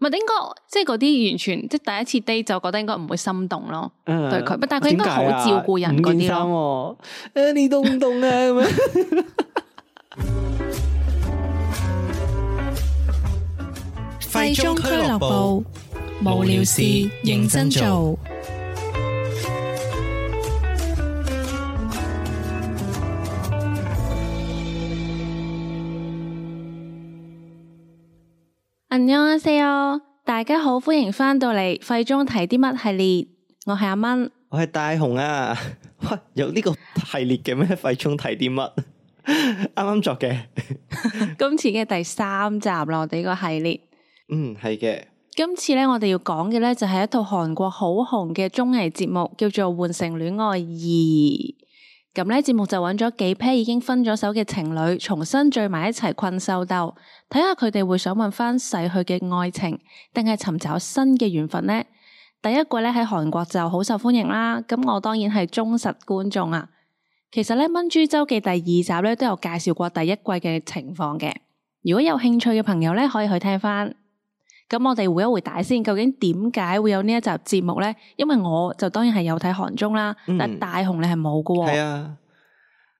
咪係，應該即係嗰啲完全即係第一次 date 就覺得應該唔會心動咯，嗯、對佢，但係佢應該好照顧人嗰啲咯。誒、啊哎，你都感動啊！廢 中俱樂部，無聊事認真做。唔該大家好，歡迎翻到嚟《廢中睇啲乜》系列，我係阿蚊，我係大雄啊！哇，有呢個系列嘅咩？《廢中睇啲乜》啱啱 作嘅， 今次嘅第三集啦，我哋呢個系列，嗯，係嘅。今次咧，我哋要講嘅咧就係、是、一套韓國好紅嘅綜藝節目，叫做《換乘戀愛二》。咁呢節目就揾咗幾批已經分咗手嘅情侶，重新聚埋一齊困獸鬥，睇下佢哋會想問翻逝去嘅愛情，定係尋找新嘅緣分呢？第一季咧喺韓國就好受歡迎啦，咁我當然係忠實觀眾啊。其實咧《蚊豬周記》第二集咧都有介紹過第一季嘅情況嘅，如果有興趣嘅朋友咧可以去聽翻。咁我哋回一回帶先，究竟點解會有呢一集節目咧？因為我就當然係有睇韓綜啦，嗯、但大雄你係冇嘅。係啊，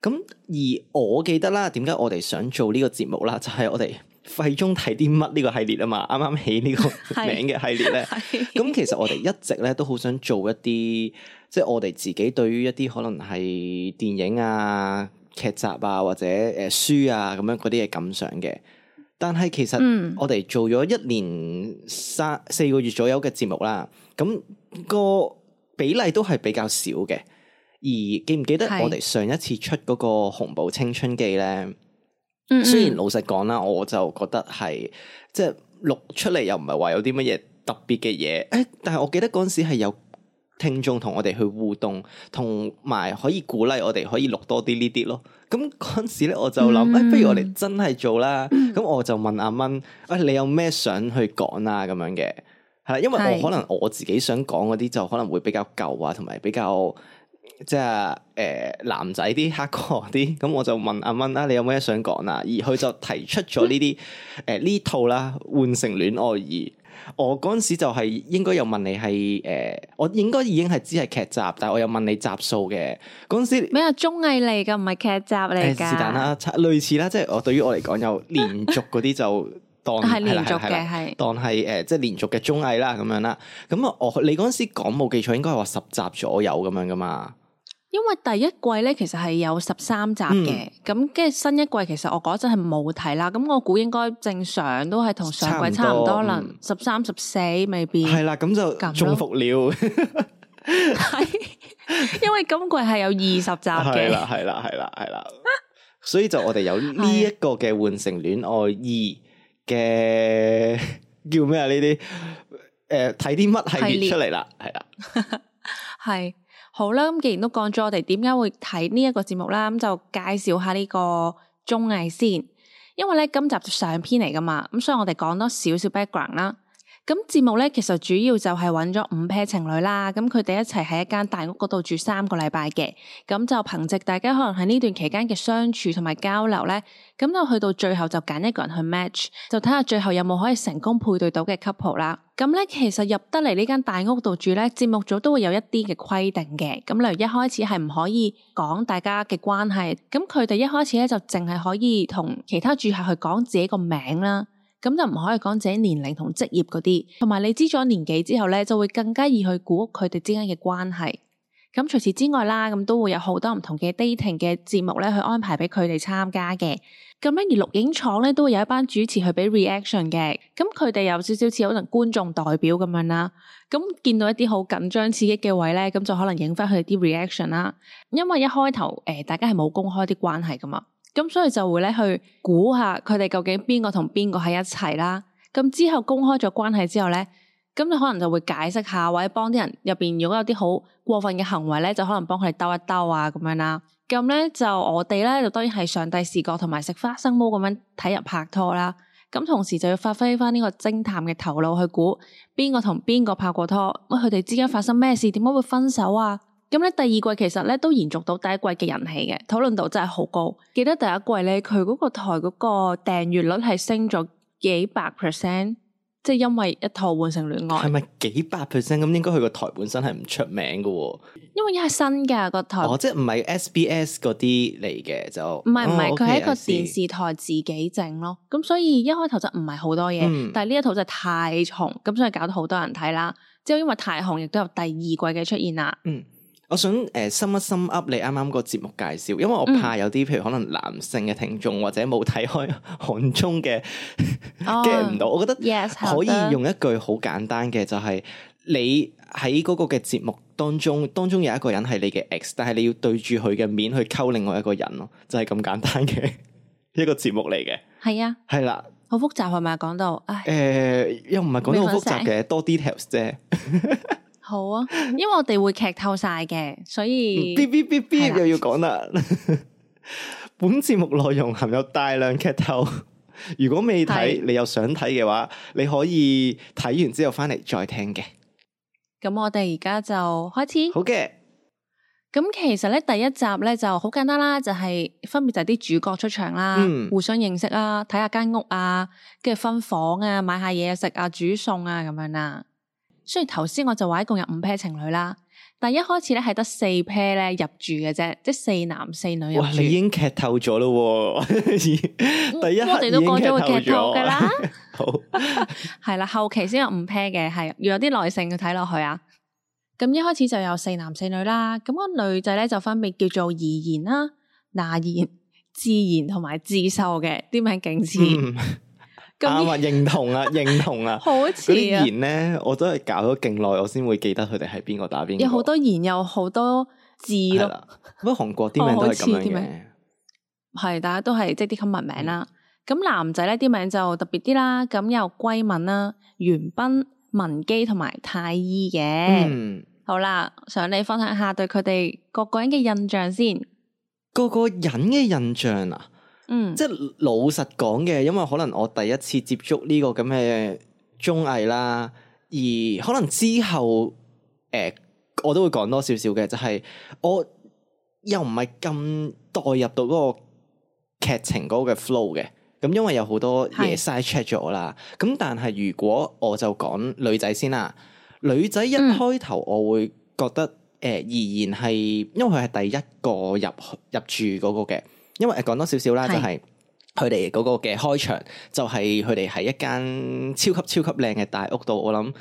咁而我記得啦，點解我哋想做個節呢個節目啦？就係、是、我哋廢中睇啲乜呢個系列啊嘛，啱啱起呢個 名嘅系列咧。咁 是 其實我哋一直咧都好想做一啲，即、就、係、是、我哋自己對於一啲可能係電影啊、劇集啊或者誒、呃、書啊咁樣嗰啲嘅感想嘅。但係其實我哋做咗一年三四個月左右嘅節目啦，咁個比例都係比較少嘅。而記唔記得我哋上一次出嗰個《紅寶青春記》咧？嗯嗯，雖然老實講啦，我就覺得係即係錄出嚟，又唔係話有啲乜嘢特別嘅嘢。誒，但係我記得嗰陣時係有。聽眾同我哋去互動，同埋可以鼓勵我哋可以錄多啲呢啲咯。咁嗰陣時咧，我就諗，誒、嗯哎，不如我哋真係做啦。咁、嗯、我就問阿蚊，誒、哎，你有咩想去講啊？咁樣嘅係，因為我，是我可能我自己想講嗰啲就可能會比較舊啊，同埋比較即係、啊、誒、呃、男仔啲、黑哥啲。咁我就問阿蚊啦、啊，你有咩想講啊？而佢就提出咗呢啲，誒呢、 呃、套啦，換乘戀愛2。我嗰時就係應該有問你係誒、呃，我應該已經係知係劇集，但係我有問你集數嘅嗰時咩啊？綜藝嚟噶唔係劇集嚟嘅，是但啦，類似啦，即係我對於我嚟講有連續嗰啲就當係 連續嘅係，的當係誒、呃、即係連續嘅綜藝啦咁樣啦。咁啊，我你嗰時講冇記錯，應該係話十集左右咁樣噶嘛。因為第一季咧，其實係有十三集嘅，咁跟住新一季，其實我嗰陣係冇睇啦，咁我估應該正常都係同上季差唔多，多，能十三十四未必係啦，咁就中伏了 因為今季係有二十集嘅，係啦，係啦，係啦，係啦，所以就我哋有呢一個嘅換乘戀愛二嘅 叫咩啊？呢啲誒睇啲乜系列出嚟啦，係啦，係。 好啦，既然都講咗我哋點解會睇呢一個節目啦，咁就介紹下呢個綜藝先，因為咧今集就上篇嚟噶嘛，咁所以我哋講多少少 background 啦。咁節目咧，其實主要就係揾咗五 pair 情侶啦，咁佢哋一齊喺一間大屋嗰度住三個禮拜嘅，咁就憑借大家可能喺呢段期間嘅相處同埋交流咧，咁就去到最後就揀一個人去 match，就睇下最後有冇可以成功配對到嘅 couple 啦。咁咧，其實入得嚟呢間大屋度住咧，節目組都會有一啲嘅規定嘅，咁例如一開始係唔可以講大家嘅關係，咁佢哋一開始咧就淨係可以同其他住客去講自己個名啦。咁就唔可以講自己年齡同職業嗰啲，同埋你知咗年紀之後咧，就會更加易去估佢哋之間嘅關係。咁除此之外啦，咁都會有好多唔同嘅 dating 嘅節目咧，去安排俾佢哋參加嘅。咁樣，而錄影廠咧都會有一班主持去俾 reaction 嘅。咁佢哋有少少似可能觀眾代表咁樣啦。咁見到一啲好緊張刺激嘅位咧，咁就可能影翻佢哋啲 reaction 啦。因為一開頭誒、呃，大家係冇公開啲關係噶嘛。咁所以就會咧去估下佢哋究竟邊個同邊個喺一齊啦。咁之後公開咗關係之後咧，咁就可能就會解釋下或者幫啲人入邊，如果有啲好過分嘅行為咧，就可能幫佢哋兜一兜啊，咁樣啦。咁咧就我哋咧就當然係上帝視角同埋食花生毛咁樣睇人拍拖啦。咁同時就要發揮翻呢個偵探嘅頭腦去估邊個同邊個拍過拖，咁佢哋之間發生咩事，點解會分手啊？咁咧第二季其實咧都延續到第一季嘅人氣嘅，討論度真係好高。記得第一季咧，佢嗰個台嗰個訂閱率係升咗幾百 percent，即係因為一套換乘戀愛。係咪幾百 percent？咁應該佢個台本身係唔出名嘅喎、哦。因為一係新嘅個台，哦，即係唔係 SBS 嗰啲嚟嘅就唔係唔係，佢係一個電視台自己整咯。咁 I see. 所以一開頭就唔係好多嘢，嗯、但係呢一套就太紅，咁所以搞到好多人睇啦。之後、嗯、因為太紅，亦都有第二季嘅出現啦。嗯。我想誒深一深 up 你啱啱個節目介紹，因為我怕有啲、嗯、譬如可能男性嘅聽眾或者冇睇開韓綜嘅 get 唔到，我覺得 yes, 可以用一句好簡單嘅就係、是、你喺嗰個嘅節目當中，嗯、當中有一個人係你嘅 ex，但係你要對住佢嘅面去溝另外一個人咯，就係、是、咁簡單嘅一個節目嚟嘅。係、oh, 啊，係啦了，好複雜係咪啊？講到誒、呃，又唔係講得好複雜嘅，多 details 啫。好啊，因為我哋會劇透晒嘅，所以嗶嗶嗶嗶又要講啦。 本節目內容含有大量劇透， 如果未睇的你又想睇嘅話，你可以睇完之後翻嚟再聽嘅。咁我哋而家就開始。好嘅的。咁其實咧第一集咧就好簡單啦，就係、是、分別就係啲主角出場啦，嗯、互相認識啦，睇下間屋啊，跟住、啊、分房啊，買下嘢食啊，煮餸啊，咁樣啦。雖然頭先我就話一共有五 pair 情侶啦，但一開始咧係得四 pair 咧入住嘅啫，即係四男四女入住。哇，你已經劇透咗咯， 第一我哋都過咗個劇透噶啦。 好，係啦， 後期先有五 pair 嘅，係要有啲耐性去睇落去啊。咁一開始就有四男四女啦，咁嗰個女仔咧就分別叫做怡然啦、那然、自然同埋自秀嘅，啲名勁似。嗯啱啊！ 認同啊！認同啊！嗰啲言咧，我都係搞咗勁耐，我先會記得佢哋係邊個打邊個。有好多言，有好多字咯。乜韓國啲名都係咁樣嘅，係大家都係即啲 common name 啦。咁、嗯、男仔咧啲名就特別啲啦。咁有圭敏啦、元彬、文姬同埋太伊嘅。義嗯、好啦，想你分享下對佢哋個個人嘅印象先。個個人嘅印象啊？嗯即，即係老實講嘅，因為可能我第一次接觸呢個咁嘅綜藝啦，而可能之後誒、呃，我都會講多少少嘅，就係、是、我又唔係咁代入到個劇情嗰個嘅 flow 嘅，咁因為有好多嘢 side check 咗啦。咁是 但係如果我就講女仔先啦，女仔一開頭我會覺得誒、嗯呃，依然係因為佢係第一個入入住嗰個嘅。因為講多少少啦，就係佢哋嗰個嘅開場，就係佢哋喺一間超級超級靚嘅大屋度，我諗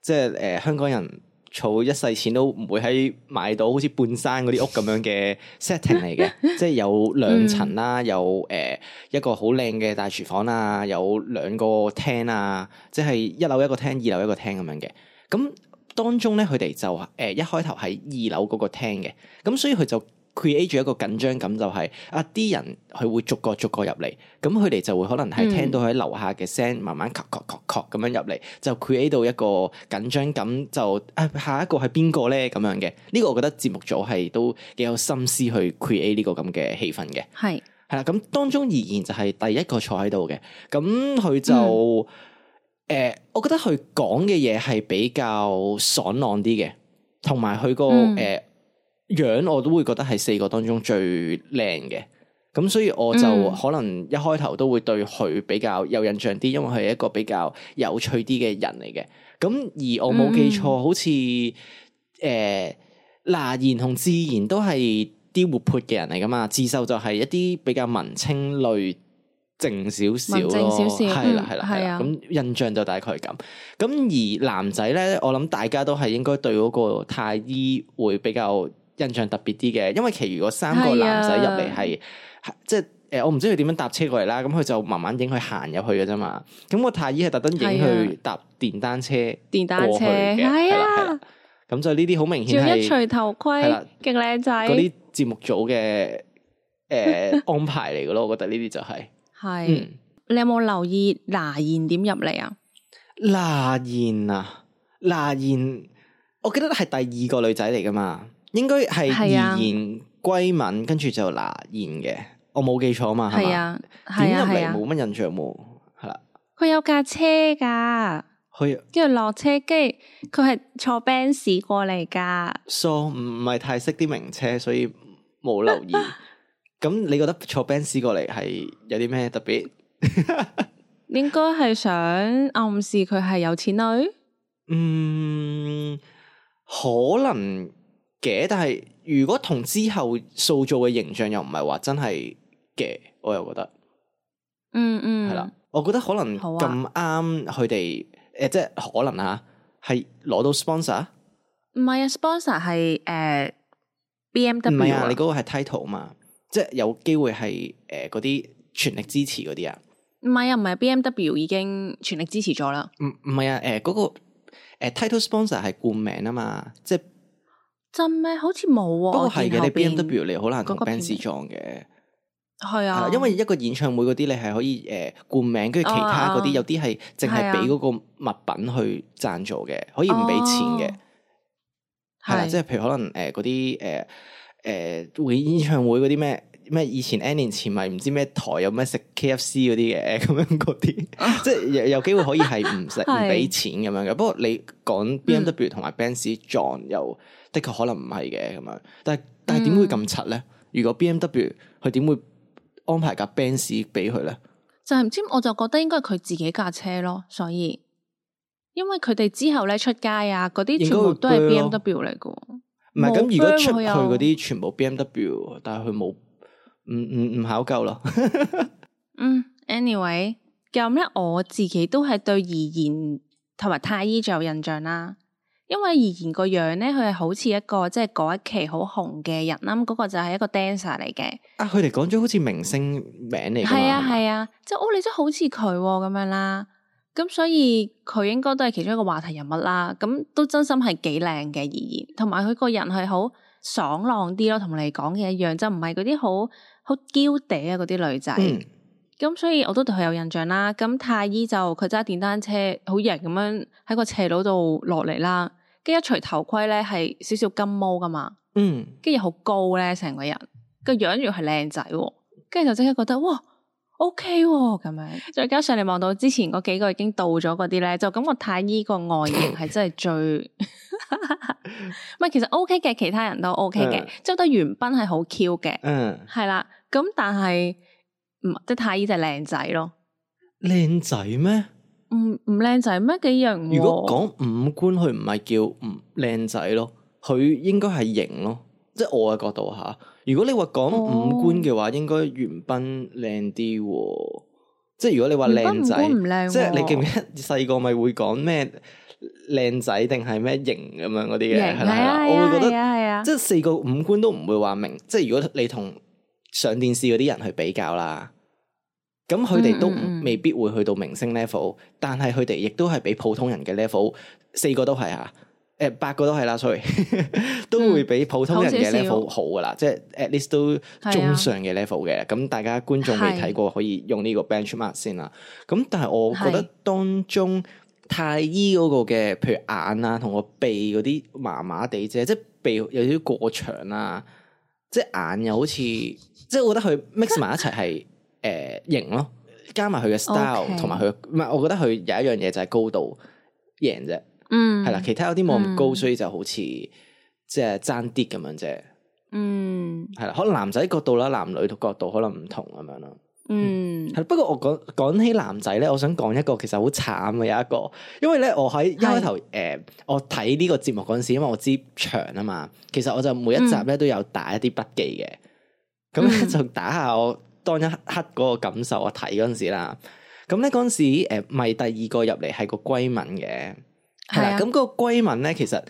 即係誒香港人儲一世錢都唔會喺買到好似半山嗰啲屋咁樣嘅 setting 嚟嘅，即係有兩層啦，有誒一個好靚嘅大廚房啊，有兩個廳啊，即係一樓一個廳，二樓一個廳咁樣嘅。咁當中咧，佢哋就誒、呃、一開頭喺二樓嗰個廳嘅，咁所以佢就。create 住一個緊張感，就係啊啲人佢會逐個逐個入嚟，咁佢哋就會可能係聽到喺樓下嘅聲，慢慢咳咳咳咳咁樣入嚟，就 create 到一個緊張感，就啊、uh，下一個係邊個咧咁樣嘅？呢、這個我覺得節目組係都幾有心思去 create 呢個咁嘅氣氛嘅，係係是 啦。咁當中而言就係第一個坐喺度嘅，咁佢就誒、mm. 呃，我覺得佢講嘅嘢係比較爽朗啲嘅，同埋佢個誒。Mm. 樣我都會覺得係四個當中最靚嘅，咁所以我就可能一開頭都會對佢比較有印象啲，因為佢係一個比較有趣啲嘅人嚟嘅。咁而我冇記錯，嗯、好似誒嗱言同自然都係啲活潑嘅人嚟噶嘛，智秀就係一啲比較文青類靜少少咯，係、哦、啦係啦係、嗯、啊。咁印象就大概咁。咁而男仔咧，我諗大家都係應該對嗰個太醫會比較。印象特別啲嘅，因為其餘嗰三個男仔入嚟係，是啊、即係誒、呃，我唔知佢點樣搭車過嚟啦。咁佢就慢慢影佢行入去嘅啫嘛。咁個太醫係特登影佢搭電單車，電單車係啊啦。咁就呢啲好明顯係一除頭盔，係啦，極靚仔。嗰啲節目組嘅誒、呃、 安排嚟嘅咯，我覺得呢啲就係、是、係是、嗯、你有冇留意？娜妍點入嚟啊？娜妍啊，娜妍，我記得係第二個女仔嚟㗎嘛。應該係言歸敏，啊、跟住就拿言嘅，我冇記錯啊嘛，係嘛、啊？點入嚟冇乜印象冇，係啦、啊。佢、啊啊、有架車噶，佢跟住落車機，跟住佢係坐 Benz 過嚟噶。so 唔係太識啲名車，所以冇留意。咁 你覺得坐 Benz 過嚟係有啲咩特別？ 應該係想暗示佢係有錢女。嗯，可能。嘅，但係如果同之後塑造嘅形象又唔係話真係嘅，我又覺得，嗯嗯，係、嗯、啦，我覺得可能咁啱佢哋，誒、呃，即係可能吓係攞到 sponsor，唔係啊，sponsor 係誒，BMW，唔係啊，你嗰個係 title 啊嘛，啊即係有機會係誒嗰啲全力支持嗰啲啊，唔係啊，唔係 BMW 已經全力支持咗啦，唔唔係啊，誒、呃、嗰、嗰個誒、呃、title sponsor 係冠名啊嘛，即係。真咩？好似冇喎。不過係嘅，你 B M W 你好難同 b Benz 撞嘅，係啊。因為一個演唱會嗰啲，你係可以誒冠、呃、名，跟住其他嗰啲，oh. 有啲係淨係俾嗰個物品去贊助嘅，oh. 可以唔俾錢嘅。係啦，oh.，即係譬如可能誒嗰啲誒誒，演唱會嗰啲咩咩，以前 N 年前咪唔知咩台有咩食 K F C 嗰啲嘅，咁樣嗰啲，即係有有機會可以係唔使唔俾錢咁樣嘅。Oh. 是不過你講 B M W 同埋 b Benz 撞又。的確可能唔係嘅咁樣，但係但係點會咁柒咧？嗯、如果 B M W 佢點會安排架 b n 馳俾佢咧？就係唔知，我就覺得應該係佢自己架車咯。所以因為佢哋之後咧出街啊，嗰啲全部都係 B M W 嚟嘅。唔係咁，如果出去嗰啲全部 B M W，、啊、但係佢冇唔唔唔考究啦。 嗯，anyway 咁咧，我自己都係對而言，同埋太醫最有印象啦、啊。因為怡然個樣咧，佢係好似一個即係嗰一期好紅嘅人啦，嗰、嗰個就係一個 dancer 嚟嘅。啊，佢哋講咗好似明星名嚟，係啊係啊，即係哦，你真係好似佢咁樣啦。咁所以佢應該都係其中一個話題人物啦。咁都真心係幾靚嘅怡然，同埋佢個人係好爽朗啲咯，同你講嘅一樣，就唔係嗰啲好好嬌嗲啊嗰啲女仔。嗯咁所以我都對佢有印象啦。咁太醫就佢揸電單車，好型咁樣喺個斜路度落嚟啦。跟住一除頭盔咧，係少少金毛噶嘛。嗯，跟住好高咧，成個人個樣又係靚仔。跟住就即刻覺得哇，O K 咁樣。再加上你望到之前嗰幾個已經到咗嗰啲咧，就感覺太醫個外形係真係最唔係。 其實 O K 嘅，其他人都 O K 嘅，即係、呃、得袁彬係好 Q 嘅。嗯、呃，係啦。咁但係。即太依就係靚仔咯，靚仔咩？唔唔靚仔咩？幾型、啊？如果講五官，佢唔係叫唔靚仔咯，佢應該係型咯。即係我嘅角度吓。如果你話講五官嘅話，哦、應該元彬靚啲。即係如果你話靚仔唔靚，啊、即係你記唔記得細個咪會講咩靚仔定係咩型咁樣嗰啲嘅？係啦，我會覺得、啊啊啊、即係四個五官都唔會話明。即係如果你同上電視嗰啲人去比較啦。咁佢哋都未必會去到明星 level，嗯嗯，但係佢哋亦都係比普通人嘅 level，四、嗯、個都係啊，誒八、呃、個都係啦、啊，所以 都會比普通人嘅 level、嗯、好噶、啊、啦，即係 at least 都中上嘅 level 嘅。咁是、啊、大家觀眾未睇過，是啊、可以用呢個 benchmark 先啦。咁但係我覺得當中太醫嗰個嘅，譬如眼啊同個鼻嗰啲麻麻地啫，即係鼻有啲少過長啊，即係眼又好似，即係我覺得佢 mix 埋一齊係。誒，型、呃、咯，加埋佢嘅 style 同埋佢，唔、呃、係，我覺得佢有一樣嘢就係高度贏啫，嗯，係啦，其他有啲冇咁高，嗯、所以就好似即係爭啲咁樣啫，就是、嗯，係啦，可能男仔角度啦，男女角度可能唔同咁樣咯，嗯，係不過我講講起男仔咧，我想講一個其實好慘嘅有一個，因為咧我喺一開頭誒，我睇呢的、嗯呃、個節目嗰陣時，因為我知長啊嘛，其實我就每一集咧都有打一啲筆記嘅，咁咧就打下我。當一刻嗰個感受我，我睇嗰陣時啦，咁咧嗰陣時，誒、呃，咪第二個入嚟係個閨蜜嘅，係啦的，咁嗰、嗯嗰個閨蜜咧，其實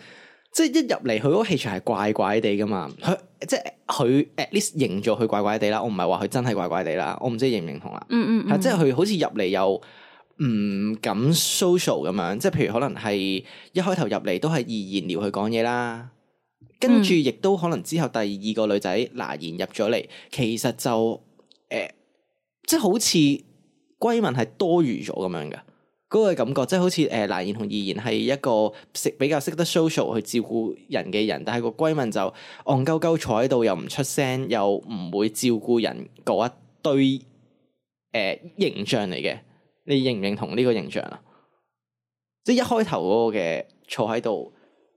即係一入嚟，佢個氣場係怪怪地噶嘛，佢即係佢 at least 營造佢怪怪地啦，我唔係話佢真係怪怪地啦，我唔知認唔認同啦，嗯，嗯嗯，嗯嗯即係佢好似入嚟又唔敢 social 咁樣，即係譬如可能係一開頭入嚟都係易言聊去講嘢啦，跟住亦都可能之後第二個女仔嗱言入咗嚟，其實就。誒、嗯，即係好似閨蜜係多餘咗咁樣嘅，嗰、嗰個感覺，即係好似誒，難言同易言係一個識比較識得 social 去照顧人嘅人，但係個閨蜜就戇鳩鳩坐喺度，又唔出聲，又唔會照顧人嗰一堆誒、呃、形象嚟嘅，你認唔認同呢個形象啊？即係一開頭嗰個嘅坐喺度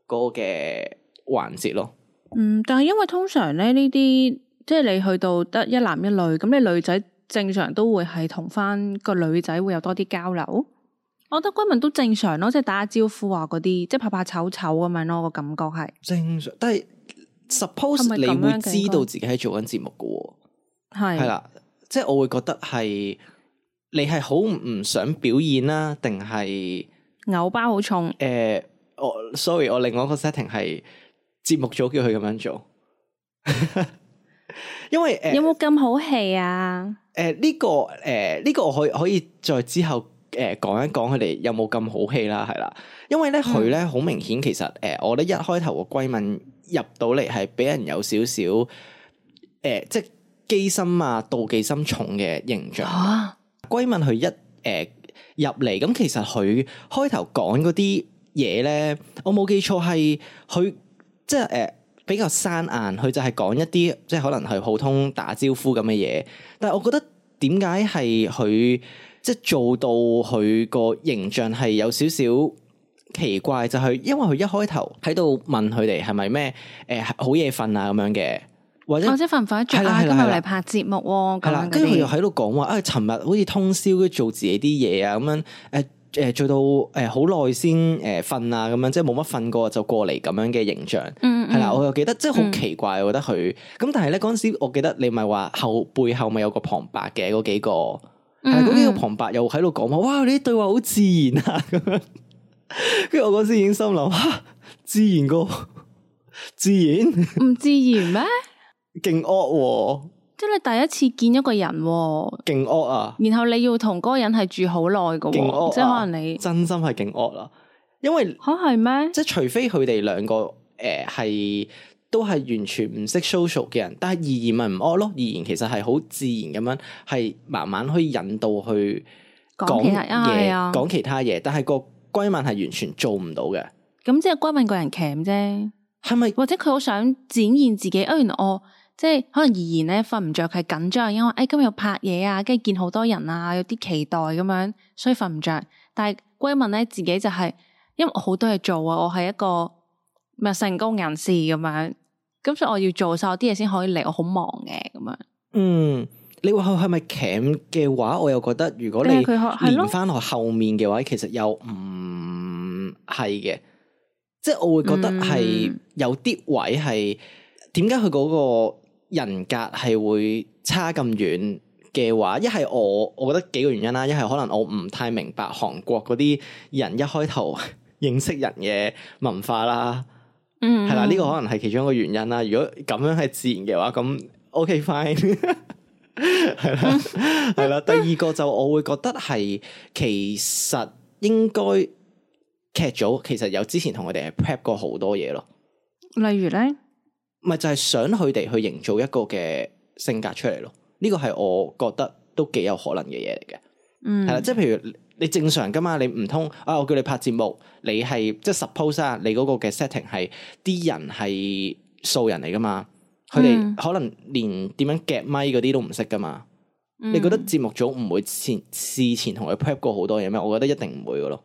嗰個嘅環節咯。嗯，但係因為通常咧呢啲。即係你去到得一男一女，咁你女仔正常都會係同翻個女仔會有多啲交流。我覺得居民都正常咯，即係打下招呼啊嗰啲，即係拍拍醜醜咁樣咯個感覺係正常。但係 suppose 是是樣你會知道自己喺做緊節目噶，係係是啦，即係我會覺得係你係好唔想表演啦，定係偶包好重？誒、呃，我 sorry，我另外一個 setting 係節目組叫佢咁樣做。 因為有冇咁好戲啊？誒、呃，呢、這個誒，呢、呃這個我可可以再之後誒講、呃、一講佢哋有冇咁好戲啦，係啦。因為咧，佢咧好明顯，其實誒、呃，我覺得一開頭個閨蜜入到嚟係俾人有少少誒，即係機心啊、妒忌心重嘅形象。閨蜜佢一誒、呃、入嚟，咁其實佢開頭講嗰啲嘢咧，我冇記錯係佢即係誒。呃比較生硬，佢就係講一啲即係可能係普通打招呼咁嘅嘢，但係我覺得點解係佢即係做到佢個形象係有少少奇怪，就係、是、因為佢一開頭喺度問佢哋係咪咩誒好夜瞓啊咁樣嘅，或者或者瞓唔瞓得着啊今日嚟拍節目咁、哦，跟住佢又喺度講話啊尋日好似通宵跟住做自己啲嘢啊咁樣誒。呃誒，做到誒好耐先誒瞓啊，咁樣即係冇乜瞓過就過嚟咁樣嘅形象，係啦、嗯嗯，我又記得即係好奇怪，嗯、我覺得佢咁，但係咧嗰陣時，我記得你咪話後背後咪有個旁白嘅嗰幾個，但係嗰幾個旁白又喺度講話，哇，你啲對話好自然啊，跟住 我嗰時已經心諗、啊，自然過自然唔自然咩，勁惡。 即係你第一次見一個人，勁惡啊！然後你要同嗰個人係住好耐嘅，啊、即係可能你真心係勁惡啦、啊。因為吓係咩？啊、即係除非佢哋兩個誒係、呃、都係完全唔識 social 嘅人，但係而言咪唔惡咯？而言其實係好自然咁樣，係慢慢可以引導去講嘢，講其他嘢。但係個閨蜜係完全做唔到嘅。咁即係閨蜜個人騎呢啫。係咪？或者佢好想展現自己？哦、呃，原來我。即係可能而言咧，瞓唔着係緊張，因為誒、哎、今日拍嘢啊，跟住見好多人啊，有啲期待咁樣，所以瞓唔着。但係閨蜜咧自己就係、是、因為好多嘢做啊，我係一個唔成功人士咁樣，咁所以我要做晒啲嘢先可以嚟，我好忙嘅咁樣。嗯，你話係咪 c a 嘅話，我又覺得如果你連翻落後面嘅話，然嗯、其實又唔係嘅，即係我會覺得係有啲位係點解佢嗰個。人格係會差咁遠嘅話，一係我我覺得幾個原因啦，一係可能我唔太明白韓國嗰啲人一開頭認識人嘅文化啦，嗯，係啦，呢個可能係其中一個原因啦。如果咁樣係自然嘅話，咁 OK fine，係啦係啦。第二個就我會覺得係其實應該劇組其實有之前同我哋係 prep 過好多嘢咯，例如咧。咪就係想佢哋去營造一個嘅性格出嚟咯，呢個係我覺得都幾有可能嘅嘢嚟嘅，嗯，係啦，即係譬如你正常噶嘛，你唔通啊？我叫你拍節目，你係即係 suppose、啊、你嗰個嘅 setting 係啲人係素人嚟噶嘛，佢哋、嗯、可能連點樣夾咪嗰啲都唔識噶嘛，嗯，你覺得節目組唔會前事前同佢 prep 過好多嘢咩？我覺得一定唔會噶咯，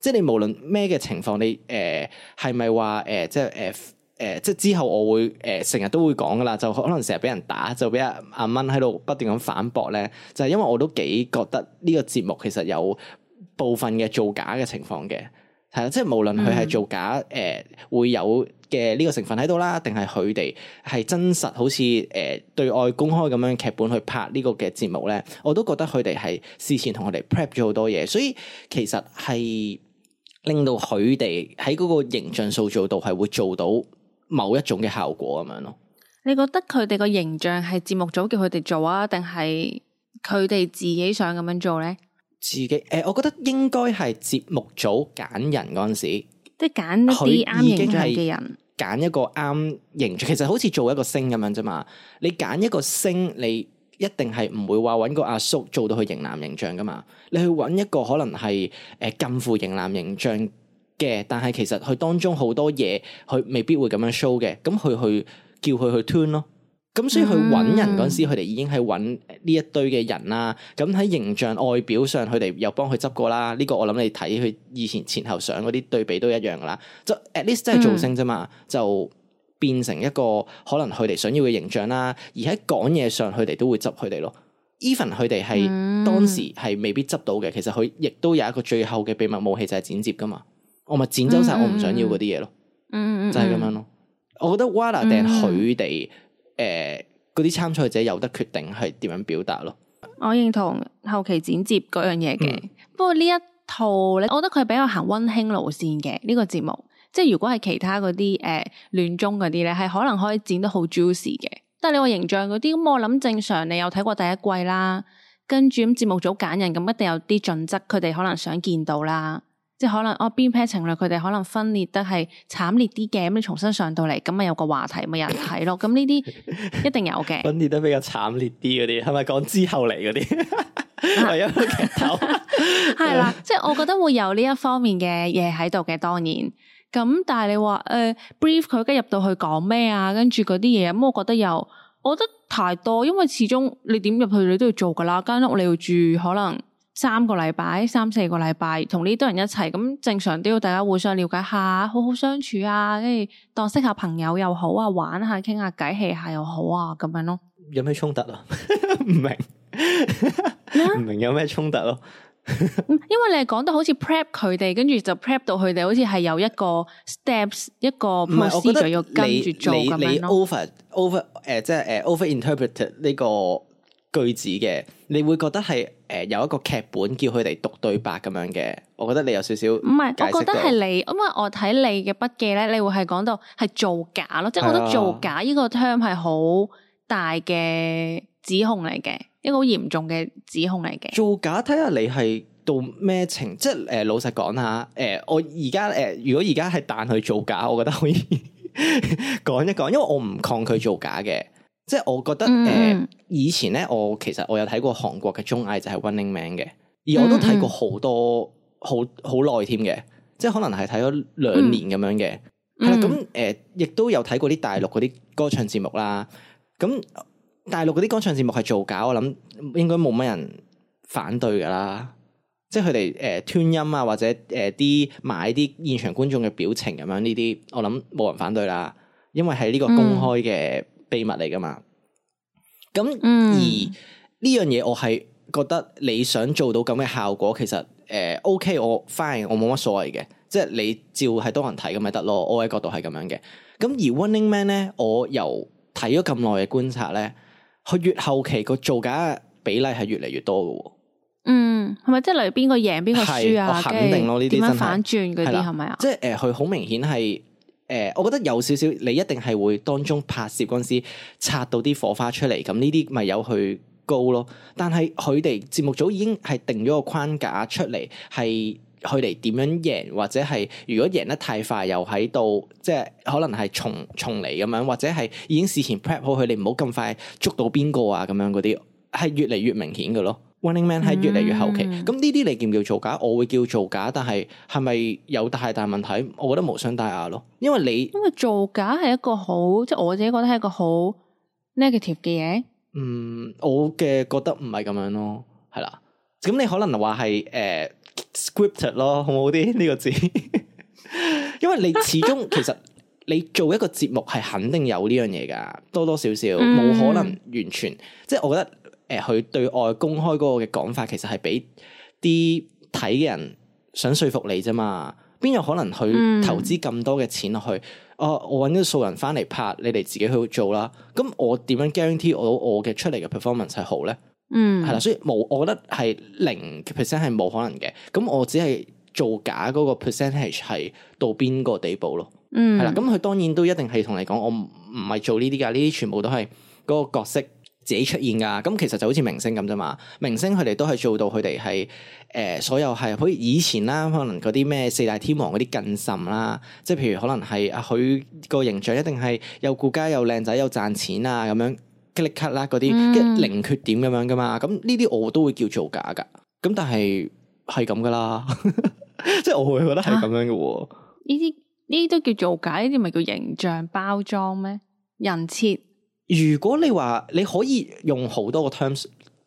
即係你無論咩嘅情況，你誒係咪話誒即係誒？呃誒、呃、即係之後，我會誒成日都會講噶啦，就可能成日俾人打，就俾阿阿蚊喺度不斷咁反駁咧。就係、是、因為我都幾覺得呢個節目其實有部分嘅造假嘅情況嘅，係啊，即係無論佢係造假誒、呃，會有嘅呢個成分喺度啦，定係佢哋係真實好似誒、呃、對外公開咁樣嘅劇本去拍呢個嘅節目咧，我都覺得佢哋係事前同佢哋 prep 咗好多嘢，所以其實係令到佢哋喺嗰個形象塑造度係會做到。某一種嘅效果咁樣咯，你覺得佢哋個形象係節目組叫佢哋做啊，定係佢哋自己想咁樣做咧？自己誒、呃，我覺得應該係節目組揀人嗰陣時，即係揀一啲啱形象嘅人，揀一個啱形象。其實好似做一個星咁樣啫嘛。你揀一個星，你一定係唔會話揾個阿叔做到去型男形象噶嘛。你去揾一個可能係誒、呃、近乎型男形象。嘅，但係其實佢當中好多嘢，佢未必會咁樣 show 嘅，咁佢去叫佢去 turn 咯，咁所以佢搵人嗰時，佢哋、嗯、已經係搵呢一堆嘅人啦、啊。咁喺形象外表上，佢哋又幫佢執過啦。呢、這個我諗你睇佢以前前後相嗰啲對比都一樣噶啦。就 at least 真係造星啫嘛，嗯、就變成一個可能佢哋想要嘅形象啦。而喺講嘢上，佢哋都會執佢哋咯。Even 佢哋係當時係未必執到嘅，嗯、其實佢亦都有一個最後嘅秘密武器就係剪接噶嘛。我咪剪走晒我唔想要嗰啲嘢咯，嗯嗯嗯、就係咁樣咯。我覺得 Winner 定佢哋誒嗰啲參賽者有得決定係點樣表達咯。我認同後期剪接嗰樣嘢嘅，嗯、不過呢一套咧，我覺得佢比較行溫馨路線嘅呢、這個節目。即係如果係其他嗰啲誒戀綜嗰啲咧，係可能可以剪得好 juicy 嘅。但係你話形象嗰啲咁，我諗正常你有睇過第一季啦，跟住咁節目組揀人，咁一定有啲準則，佢哋可能想見到啦。即係可能哦，邊 pair 情侶佢哋可能分裂得係慘烈啲嘅，咁你重新上到嚟，咁咪有個話題，咪人睇咯。咁呢啲一定有嘅。分裂得比較慘烈啲嗰啲，係咪講之後嚟嗰啲？係一個劇透。係啦，即係 我覺得會有呢一方面嘅嘢喺度嘅，當然。咁 但係你話誒、呃、brief 佢跟入到去講咩啊？跟住嗰啲嘢，咁我覺得又，我覺得太多，因為始終你點入去你都，都要做㗎啦。間屋你要住，可能。三個禮拜，三四個禮拜，同呢堆人一齊，咁正常都要大家互相了解下，好好相處啊，跟住當識下朋友又好啊，玩下，傾下偈，氣下又好啊，咁樣咯。有咩衝突啊？唔明，唔明有咩衝突咯？因為你係講得好似 prep 佢哋，跟住就 prep 到佢哋，好似係有一個 steps 一個 process 要跟住做咁樣咯。Over，over，誒，即係誒，overinterpret 呢個句子嘅，你會覺得係。誒，有一個劇本叫佢哋讀對白咁樣嘅，我覺得你有少少唔係，我覺得係你，因為我睇你嘅筆記咧，你會係講到係造假咯，即係我覺得造假呢個 term 係好大嘅指控嚟嘅，的一個好嚴重嘅指控嚟嘅。造假睇下你係到咩情，即係誒，老實講下，誒、呃，我而家誒，如果而家係彈佢造假，我覺得可以講 一講，因為我唔抗拒造假嘅。即係我覺得誒、嗯呃，以前咧，我其實我有睇過韓國嘅綜藝就係、是《Running Man》嘅，而我都睇過多、嗯、好多好好耐添嘅，即係可能係睇咗兩年咁樣嘅。係啦，咁誒，亦都有睇過啲大陸嗰啲歌唱節目啦。咁大陸嗰啲歌唱節目係造假，我諗應該冇乜人反對㗎啦。即係佢哋誒吞音啊，或者誒啲、呃、買啲現場觀眾嘅表情咁樣呢啲，我諗冇人反對啦。因為係呢個公開嘅、嗯。秘密嚟噶嘛？咁、嗯、而呢樣嘢，我係覺得你想做到咁嘅效果，其實誒，OK，我 fine，我冇乜所謂嘅，即係你照係多人睇咁咪得咯。我嘅角度係咁樣嘅。咁而《Running Man》咧，我由睇咗咁耐嘅觀察咧，佢越後期個造假嘅比例係越嚟越多噶。嗯，係咪即係例如邊個贏邊個輸啊？我肯定咯，呢啲點樣反轉嗰啲係咪啊？即係誒，佢、呃、好明顯係。誒、呃，我覺得有少少，你一定係會當中拍攝嗰陣時，擦到啲火花出嚟，咁呢啲咪有去高咯。但係佢哋節目組已經係定咗個框架出嚟，係佢哋點樣贏，或者係如果贏得太快又，又喺度即係可能係重重嚟咁樣，或者係已經事前 prep 好佢哋，唔好咁快捉到邊個啊咁樣嗰啲，係越嚟越明顯嘅咯。Running Man 係越嚟越後期，咁呢啲你叫唔叫做假？我會叫做假，但係係咪有太大，大問題？我覺得無傷大雅咯，因為你因為造假係一個好，即係我自己覺得係一個好 negative 嘅嘢。嗯，我嘅覺得唔係咁樣咯，係啦。咁你可能話係誒、呃、scripted 咯，好唔好啲呢個字？ 因為你始終 其實你做一個節目係肯定有呢樣嘢㗎，多多少少冇、嗯、可能完全，即係我覺得。誒，佢、呃、對外公開嗰個嘅講法，其實係俾啲睇嘅人想説服你啫嘛。邊有可能去投資咁多嘅錢落去？啊、嗯哦，我揾咗素人翻嚟拍，你哋自己去做啦。咁我點樣 guarantee 到我嘅出嚟嘅 performance 係好咧？嗯，係啦，所以冇，我覺得係零 percent 係冇可能嘅。咁我只係造假嗰、嗰個 percentage 係到邊個地步咯？嗯，係啦。咁佢當然都一定係同你講，我唔係做呢啲㗎。呢啲全部都係嗰個角色。自己出現噶，咁其實就好似明星咁啫嘛。明星佢哋都係做到佢哋係誒所有係，好似以前啦，可能嗰啲咩四大天王嗰啲更甚啦，即係譬如可能係佢個形象一定係又顧家又靚仔又賺錢啊咁樣，即係立刻啦嗰啲零缺點咁樣噶嘛。咁呢啲我都會叫做假噶。咁但係係咁噶啦， 即係我會覺得係咁樣嘅喎。呢啲呢都叫做假，呢啲咪叫形象包裝咩人設？如果你話你可以用好多個 terms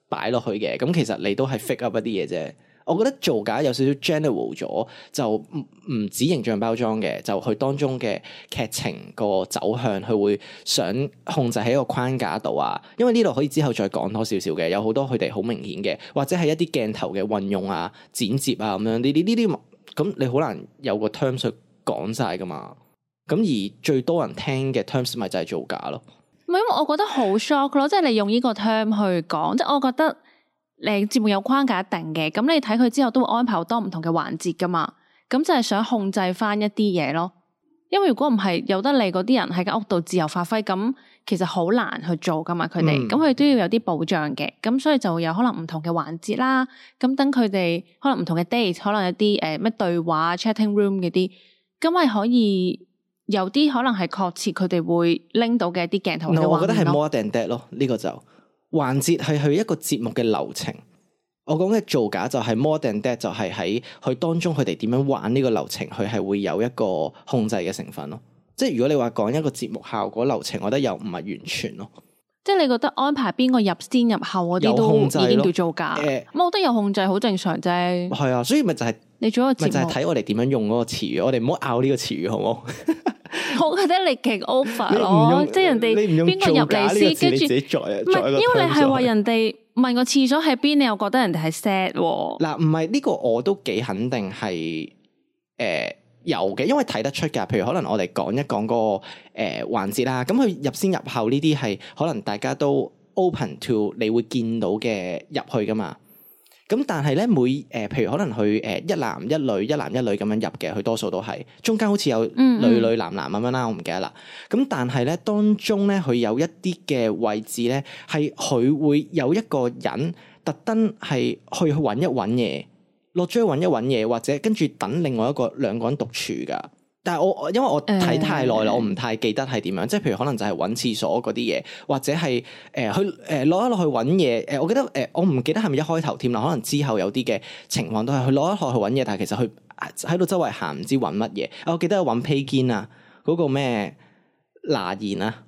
擺落去嘅，咁其實你都係 fake up 一啲嘢啫。我覺得造假有少少 general 咗，就唔唔止形象包裝嘅，就佢當中嘅劇情個走向，佢會想控制喺一個框架度啊。因為呢度可以之後再講多少少嘅，有好多佢哋好明顯嘅，或者係一啲鏡頭嘅運用啊、剪接啊咁樣呢啲呢啲咁，你好難有個 terms 講晒㗎嘛。咁而最多人聽嘅 terms 咪就係造假咯。因為我覺得好 shock 咯，即係你用呢個 term 去講，即係我覺得你節目有框架一定嘅，咁你睇佢之後都會安排好多唔同嘅環節㗎嘛，咁就係想控制返一啲嘢咯。因為如果唔係由得你嗰啲人喺間屋度自由發揮，咁其實好難去做㗎嘛，佢哋咁佢都要有啲保障嘅，咁所以就會有可能唔同嘅環節啦，咁等佢哋可能唔同嘅 date，可能一啲誒咩對話、chatting room 嗰啲，咁咪可以。有啲可能係確切，佢哋會拎到嘅一啲鏡頭。我覺得係 more than that 咯，呢個就環節係去一個節目嘅流程。我講嘅造假就係 more than that，就係喺佢當中佢哋點樣玩呢個流程，佢係會有一個控制嘅成分咯。即係如果你話講一個節目效果流程，我覺得又唔係完全咯。即係你覺得安排邊個入先入後嗰啲都已經叫造假誒。咁、呃、我覺得有控制好正常啫，係啊，所以咪就係、是。你咪就係睇我哋點樣用嗰個詞語，我哋唔好拗呢個詞語，好唔好？我覺得你其實 over 咯，即係人哋邊個入嚟先，跟住唔係，因為你係話人哋問個廁所喺邊，你又覺得人哋係 sad。嗱，唔係呢個我都幾肯定係誒有嘅，因為睇得出噶。譬如可能我哋講一講嗰個誒環節啦，咁佢入先入後呢啲係可能大家都 open to 你會見到嘅入去噶嘛。咁但係咧，每誒、呃，譬如可能佢誒、呃、一男一女，一男一女咁樣入嘅，佢多數都係中間好似有嗯嗯女女男男咁樣啦，我唔記得啦。咁但係咧，當中咧，佢有一啲嘅位置咧，係佢會有一個人特登係去去揾一揾嘢，落咗去揾一揾嘢，或者跟住等另外一個兩個人獨處㗎。但係我因為我睇太耐啦，我唔太記得係點樣，即係譬如可能就係揾廁所嗰啲嘢，或者係誒去誒攞一落去揾嘢，誒、呃、我記得誒、呃、我唔記得係咪一開頭添啦，可能之後有啲嘅情況都係去攞一落去揾嘢，但係其實去喺度周圍行唔知揾乜嘢，我記得有揾披肩啊，嗰、嗰個咩拿鹽啊，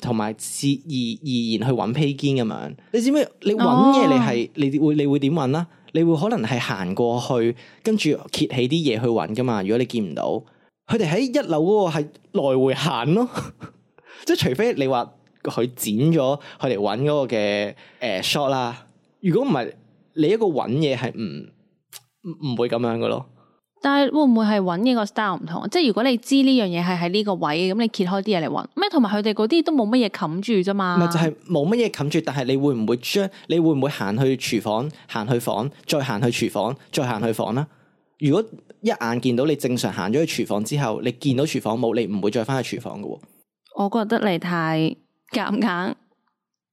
同埋自而而然去揾披肩咁樣。你知唔知你揾嘢你係、哦、你會你會點揾呀？你會可能係行過去，跟住揭起啲嘢去揾㗎嘛？如果你見唔到。佢哋喺一樓嗰個係來回行咯，即係除非你話佢剪咗，佢哋揾嗰個嘅誒 shot 啦。如果唔係，你一個揾嘢係唔唔唔會咁樣嘅咯。但係會唔會係揾呢個 style 唔同？即係如果你知呢樣嘢係喺呢個位，咁你揭開啲嘢嚟揾咩？同埋佢哋嗰啲都冇乜嘢冚住啫嘛。咪就係冇乜嘢冚住，但係你會唔會將？你會唔會行去廚房？行去房，再行去廚房，再行去，去房呢？如果一眼見到你正常行咗去廚房之後，你見到廚房冇，你唔會再翻去廚房嘅。我覺得你太夾硬，硬，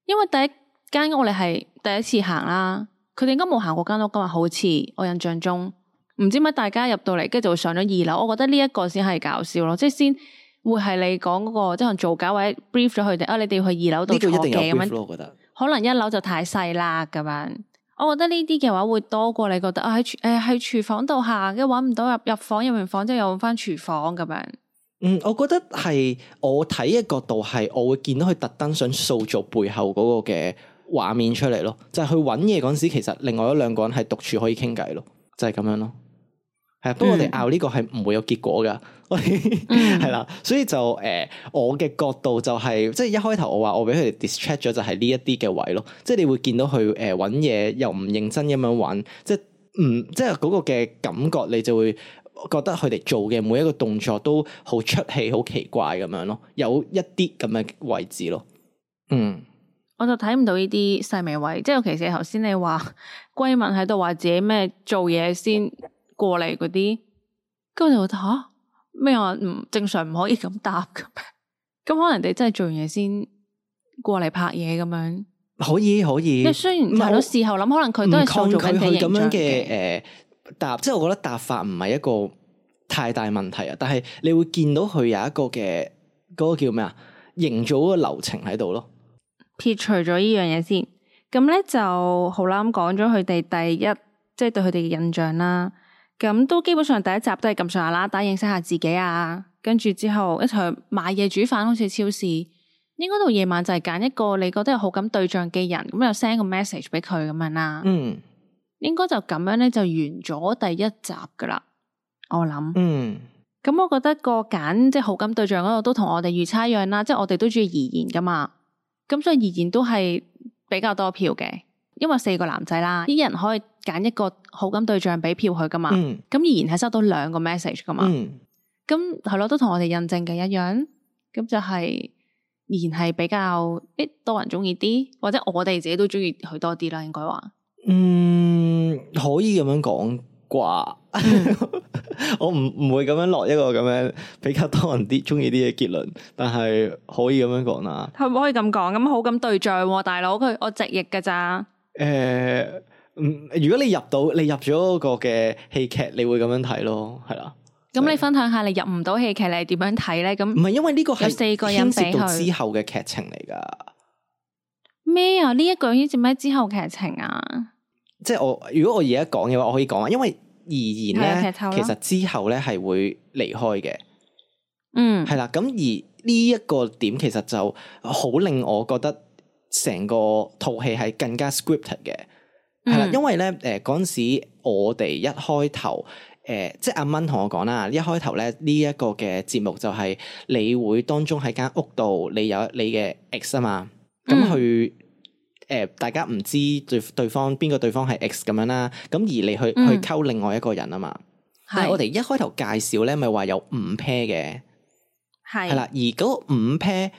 因為第一間屋我哋係第一次行啦，佢哋應該冇行過間屋，今日好似我印象中，唔知乜大家入到嚟，跟住就上咗二樓。我覺得呢一個先係搞笑咯，即係先會係你講嗰、嗰個即係做假或者 brief 咗佢哋啊，你哋要去二樓度做嘢咁樣。可能一樓就太細啦，咁樣。我覺得呢啲嘅話會多過你覺得啊，喺廚誒，喺廚房度下嘅揾唔到，入入房，入完房之後又翻廚房咁樣。嗯，我覺得係我睇嘅角度係，我會見到佢特登想塑造背後嗰個嘅畫面出嚟咯，就係去揾嘢嗰陣時，其實另外一兩個人係獨處可以傾偈咯，就係咁樣咯。係啊，不過我哋拗呢個係唔會有結果噶。嗯係啦， 所以就誒、呃，我嘅角度就係、是，即係一開頭我話我俾佢哋 distract 咗，就係呢一啲嘅位咯。即係你會見到佢誒搵嘢，又唔認真咁樣搵，即係唔、嗯、即係嗰個嘅感覺，你就會覺得佢哋做嘅每一個動作都好出戲，好奇怪咁樣咯，有一啲咁嘅位置咯。嗯，我就睇唔到呢啲細微位，即係其實頭先你話閨蜜喺度話自己咩做嘢先過嚟嗰啲，咁我就咩啊？唔正常唔可以咁答嘅，咁可能你真係做完嘢先過嚟拍嘢咁樣可。可以可以，即係雖然係到時候諗，可能佢都係抗拒佢咁樣嘅誒答。即係我覺得答法唔係一個太大問題啊，但係你會見到佢有一個嘅嗰個叫咩啊，營造嗰個流程喺度咯。撇除咗呢樣嘢先，咁咧就好啦。咁講咗佢哋第一，即係對佢哋嘅印象啦。咁都基本上第一集都係撳上下啦，打認識下自己啊，跟住之後一齊去買嘢煮飯，好似超市。應該到夜晚就係揀一個你覺得好感對象嘅人，咁又 send 個 message 俾佢咁樣啦。嗯，應該就咁樣咧就完咗第一集噶啦。我諗。嗯。咁、嗯嗯、我覺得個揀即係好感對象嗰度都同我哋預測一樣啦，即、就、係、是、我哋都中意怡言噶嘛。咁所以怡言都係比較多票嘅。因為四個男仔啦，啲人可以揀一個好感對象俾票佢噶嘛，咁、嗯、而然係收到兩個 message 噶嘛，咁係咯，都同我哋印證嘅一樣，咁就係、而、然係比較啲、欸、多人中意啲，或者我哋自己都中意佢多啲啦，應該話，嗯，可以咁樣講啩， 我唔唔會咁樣落一個咁樣比較多人啲中意啲嘅結論，但係可以咁樣講啦，可唔可以咁講？咁好感對象、啊、大佬佢我直譯噶咋？誒、呃，如果你入到你入咗個嘅戲劇，你會咁樣睇咯，係啦。咁你分享下你入唔到戲劇，你係點樣睇咧？咁唔係因為呢個係牽涉到之後嘅劇情嚟噶。咩啊？呢、這、一個牽涉咩之後劇情啊？即係我如果我而家講嘅話，我可以講啊，因為而言咧，其實之後咧係會離開嘅。嗯，係啦。咁而呢一個點，其實就好令我覺得。成個套戲係更加 script 嘅，係啦、嗯哼，因為咧，誒嗰陣時我哋一開頭，誒、呃，即係阿蚊同我講啦，一開頭咧呢一、這個嘅節目就係你會當中喺間屋度，你有你嘅 X 啊嘛，咁、嗯、去，誒、嗯呃，大家唔知對對方邊個對方係 X 咁樣啦，咁而你去、嗯、去溝另外一個人啊嘛，係、嗯、我哋一開頭介紹咧，咪話有五 pair 嘅，係係啦，是而嗰五 pair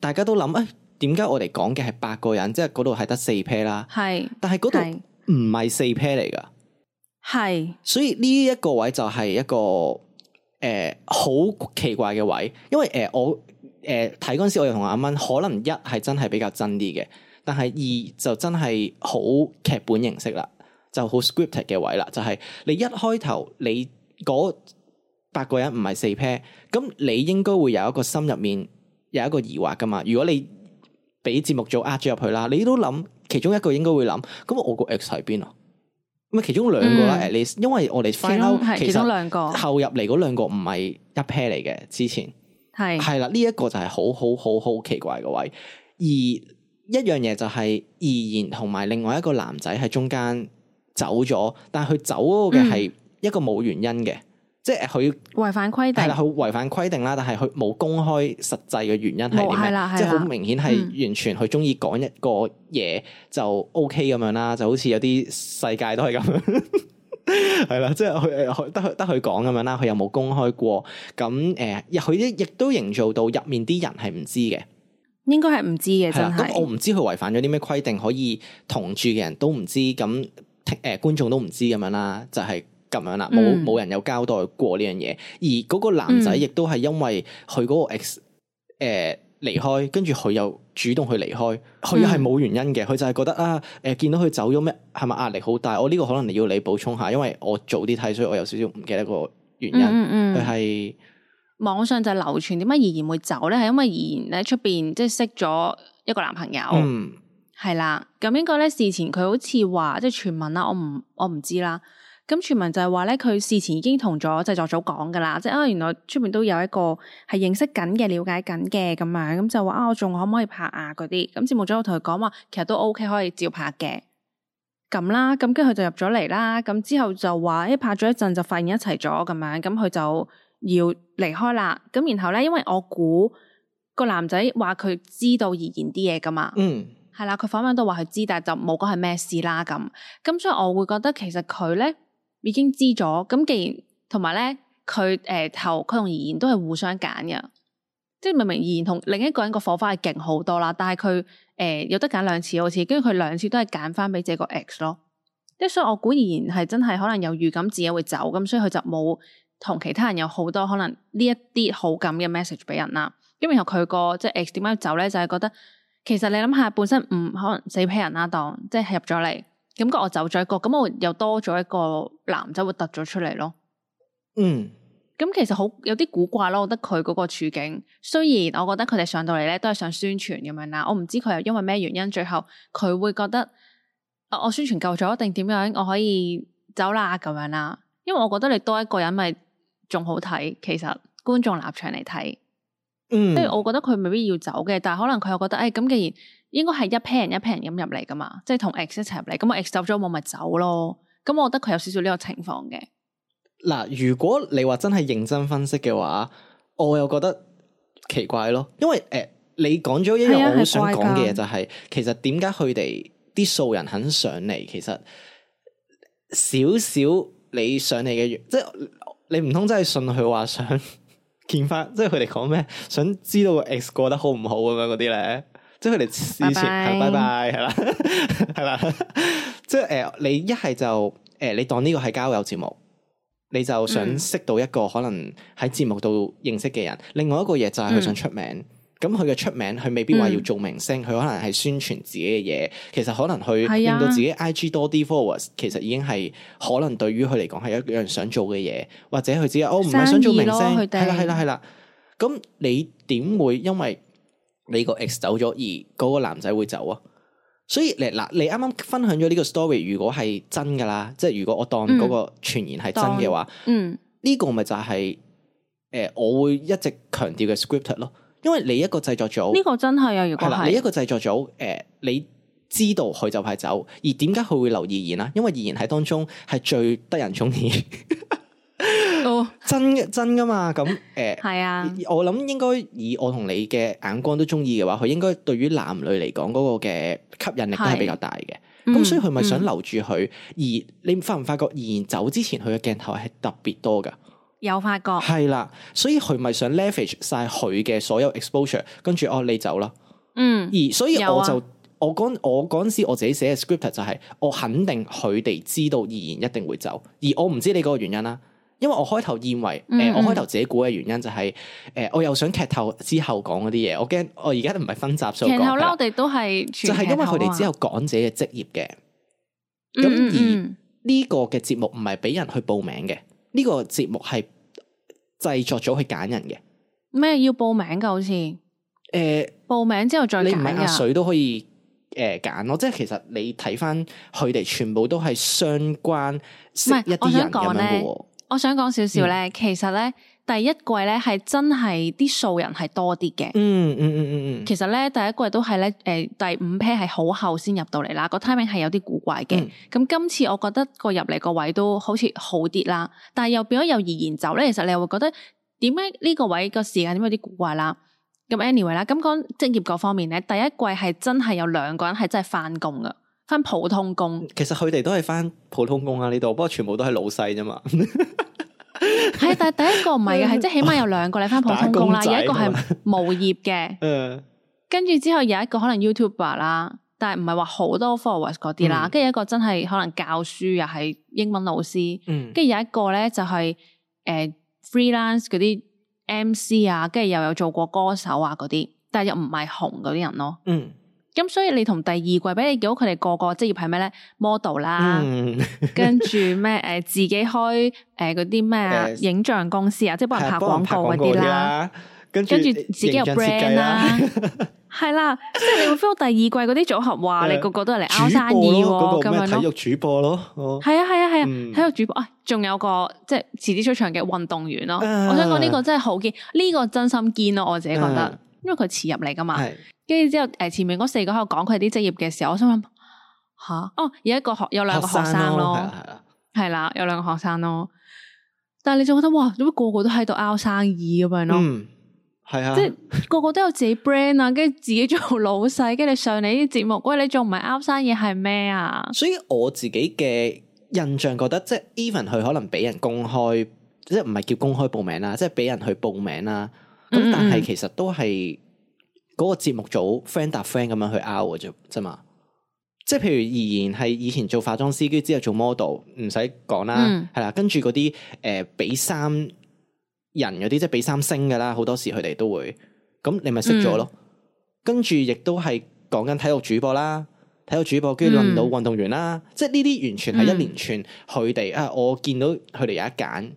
大家都諗誒。哎呃哎呃點解我哋講嘅係八個人，即係嗰度係得四 pair 啦。係是，但係嗰度唔係四 pair 嚟噶。係是，所以呢一個位就係一個誒好奇怪嘅位，因為誒我誒睇嗰陣時，我同、呃、阿蚊可能一係真係比較真啲嘅，但係二就真係好劇本形式啦，就好 scripted 嘅位啦，就係、是、你一開頭你嗰八個人唔係四 pair，咁你應該會有一個心入面有一個疑惑噶嘛，如果你。俾節目組呃咗入去啦，你都諗其中一個應該會諗，咁我個 X 喺邊啊？咁啊，其中兩個啦，at least、嗯、因為我哋 final 其，其實兩個後入嚟嗰兩個唔係一 pair 嚟嘅，之前係係啦，呢一是、這個就係好好好好奇怪嘅位，而一樣嘢就係、是、二然同埋另外一個男仔喺中間走咗，但係佢走嗰個嘅係一個冇原因嘅。嗯即係佢違反規定，係啦，佢違反規定啦，但係佢冇公開實際嘅原因係點？係啦、哦，即係好明顯係完全佢中意講一個嘢、嗯、就 O K 咁樣啦，就好似有啲世界都係咁樣，係 啦，即係佢得佢得佢講咁樣啦，佢又冇公開過，咁誒，佢亦都營造到入面啲人係唔知嘅，應該係唔知嘅真係。我唔知佢違反咗啲咩規定，可以同住嘅人都唔知，咁誒、呃、觀眾都唔知咁樣啦，就係、是。咁樣啦，冇冇、嗯、人有交代過呢樣嘢，而嗰個男仔亦都係因為佢嗰個 X 誒離開，跟住佢又主動去離開，佢係冇原因嘅，佢就係覺得啊，誒、呃、見到佢走咗咩，係咪壓力好大？我呢個可能你要你補充下，因為我早啲睇，所以我有少少唔記得個原因。佢係、嗯嗯、是網上就流傳點解怡然會走咧？係因為怡然咧出邊即係識咗一個男朋友，嗯，係啦。咁應該咧事前佢好似話即係傳聞啦，我唔我唔知啦。咁傳聞就係話咧，佢事前已經同咗製作組講噶啦，即係啊，原來出面都有一個係認識緊嘅、了解緊嘅咁樣，咁就話啊，我仲可唔可以拍啊嗰啲？咁節目組就同佢講話，其實都 OK 可以照拍嘅咁啦。咁跟住佢就入咗嚟啦。咁之後就話、欸、一拍咗一陣就發現一齊咗咁樣，咁佢就要離開啦。咁然後咧，因為我估個男仔話佢知道而言啲嘢噶嘛，嗯，係啦，佢訪問都話佢知，但係就冇講係咩事啦。咁咁所以我會覺得其實佢咧。已經知咗，咁既然同埋咧，佢、誒、呃、頭，佢同怡然都係互相揀嘅，即係明明怡然同另一個人個火花係勁好多啦，但係佢誒有得揀兩次好似，跟住佢兩次都係揀翻俾這個 X 咯，即所以我估怡然係真係可能有預感自己會走，咁所以佢就冇同其他人有好多可能呢一啲好感嘅 message 俾人啦，咁然後佢個即係 X 點解走咧？就係、是、覺得其實你諗下本身唔、嗯、可能死批人啦，當即係入咗嚟。感覺我走咗一個，咁我又多咗一個男仔會突咗出嚟咯。嗯，咁其實好有啲古怪咯。我覺得佢嗰個處境，雖然我覺得佢哋上到嚟咧都係想宣傳咁樣啦。我唔知佢又因為咩原因，最後佢會覺得、啊、我宣傳夠咗，一定點樣我可以走啦咁樣啦。因為我覺得你多一個人咪仲好睇。其實觀眾立場嚟睇，嗯，即係我覺得佢未必要走嘅，但係可能佢又覺得誒，咁、哎、既然。應該係一批人一批人咁入嚟噶嘛，即係同 X 一齊入嚟，咁啊 X 走咗我咪走咯。咁我覺得佢有少少呢個情況嘅。嗱，如果你話真係認真分析嘅話，我又覺得奇怪咯。因為誒、呃，你講咗一樣、啊、我好想講嘅嘢就係、是，其實點解佢哋啲素人肯上嚟，其實少少你上嚟嘅，即係你唔通真係信佢話想，想見翻，即係佢哋講咩，想知道個 X 過得好唔好咁樣嗰啲咧。即係佢哋事前拜拜係啦，係啦。 是吧 即係誒、呃，你一係就誒、呃，你當呢個係交友節目，你就想識到一個可能喺節目度認識嘅人。另外一個嘢就係佢想出名。咁佢嘅出名，佢未必話要做明星，佢、嗯、可能係宣傳自己嘅嘢。其實可能佢令到自己 I G 多啲 followers，其實已經係可能對於佢嚟講係一樣想做嘅嘢。或者佢自己哦，唔係想做明星，係啦係啦係啦。咁你點會因為？.你個 X 走咗，而嗰個男仔會走啊！所以，嚟嗱，你啱啱分享咗呢個 story，如果係真㗎啦，即係如果我當嗰個傳言係真嘅話，嗯，嗯，呢個咪就係、是、誒、呃，我會一直強調嘅 scripted 咯，因為你一個製作組，呢個真係啊！如果你一個製作組，誒、呃，你知道佢就快走，而點解佢會留意言啊？因為二賢喺當中係最得人中意。真嘅真噶嘛？咁誒，係、欸、啊。我諗應該以我同你嘅眼光都中意嘅話，佢應該對於男女嚟講嗰個嘅吸引力都係比較大嘅。咁、嗯、所以佢咪想留住佢。嗯、而你發唔發覺？而然走之前，佢嘅鏡頭係特別多噶。有發覺？係啦，所以佢咪想 leverage 晒佢嘅所有 exposure，跟住哦，你走啦。嗯。而所以我就、啊、我講我嗰陣時我自己寫嘅 script 就係、是、我肯定佢哋知道而然一定會走，而我唔知你嗰個原因啦。因為我開頭認為，誒、呃，我開頭自己估嘅原因就係、是，誒、呃，我又想劇透之後講嗰啲嘢，我驚我而家都唔係分集所講。劇透啦，我哋都係就係因為佢哋只有講自己嘅職業嘅。咁、嗯嗯嗯、而呢個嘅節目唔係俾人去報名嘅，呢、這個節目係製作咗去揀人嘅。咩要報名㗎？好似誒，報名之後再你唔係阿水都可以誒揀咯，呃、即係其實你睇翻，佢哋全部都係相關識一啲人咁樣我想講少少咧，嗯、其實咧第一季咧係真係啲素人係多啲嘅。嗯。嗯嗯嗯嗯嗯。其實咧第一季都係咧，誒、呃、第五批 a 係好後先入到嚟啦，個 timing 係有啲古怪嘅。咁、嗯、今次我覺得個入嚟個位都好似好啲啦，但係又變咗又而言走咧，其實你又會覺得點解呢個位個時間點有啲古怪啦？咁 anyway 啦，咁講職業嗰方面咧，第一季係真係有兩個人係真係返工㗎。翻普通工，其實佢哋都係翻普通工啊！呢度不過全部都係老細啫嘛。係 但係第一個唔係嘅，係即係起碼有兩個你翻普通工啦，工有一個係無業嘅。 嗯，跟住之後有一個可能 YouTuber 啦，但係唔係話好多 followers 嗰啲啦。跟住、嗯、有一個真係可能教書又係英文老師。嗯，跟住有一個咧就係、是、誒、呃、freelance 嗰啲 MC 啊，跟住又有做過歌手啊嗰啲，但係又唔係紅嗰啲人咯。嗯。咁所以你同第二季俾你見到佢哋個個職業係咩咧？model 啦，嗯、跟住咩誒自己開誒嗰啲咩影像公司啊，即係幫人拍廣告嗰啲啦，跟住自己有 brand 啦、啊，係啦、啊， 即係你會 feel 第二季嗰啲組合話你個個都係嚟拗生意、啊，嗰、嗰個咩體育主播咯，係啊係啊係啊，體育主播，誒、啊、仲有個即係遲啲出場嘅運動員咯，啊、我想講呢個真係好堅，呢、呢個真心堅咯，我自己覺得。啊因為佢遲入嚟噶嘛，跟住之後誒，前面嗰四個喺度講佢啲職業嘅時候，我想諗吓哦，有一個學有兩個學生咯，係啦，有兩個學生咯。但係你就覺得哇，點解個個都喺度拗生意咁樣咯？係啊、嗯，即係個個都有自己 brand 啊，跟住自己做老細，跟住你上嚟呢啲節目，喂，你仲唔係拗生意係咩啊？所以我自己嘅印象覺得，即係 even 佢可能俾人公開，即係唔係叫公開報名啦，即係俾人去報名啦。咁、嗯、但係其實都係嗰個節目組 friend 搭 friend 咁樣去 out 嘅啫，啫嘛。即係譬如，而言，係以前做化妝師，跟之後做 model，唔使講啦，係、嗯、啦。跟住嗰啲誒俾三人嗰啲，即係俾三星嘅啦。好多時佢哋都會，咁你咪識咗咯。嗯、跟住亦都係講緊體育主播啦，體育主播跟住輪到運動員啦。嗯、即係呢啲完全係一連串，佢哋、嗯、啊，我見到佢哋有得揀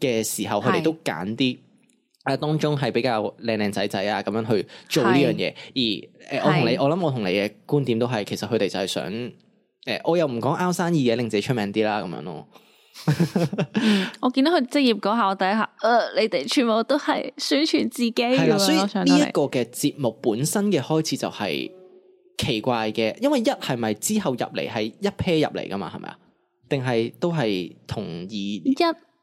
嘅時候，佢哋都揀啲是。啊！當中係比較靚靚仔仔啊，咁樣去做呢樣嘢，是而誒，呃、是我同你，我諗我同你嘅觀點都係，其實佢哋就係想誒、呃，我又唔講 out 生意嘢，令自己出名啲啦，咁樣咯。 嗯、我見到佢職業嗰下，我第一下，誒、呃，你哋全部都係宣傳自己係啦，所以呢一個嘅節目本身嘅開始就係奇怪嘅，因為一係咪之後入嚟係一 pair 入嚟噶嘛，係咪啊？定係都係同二一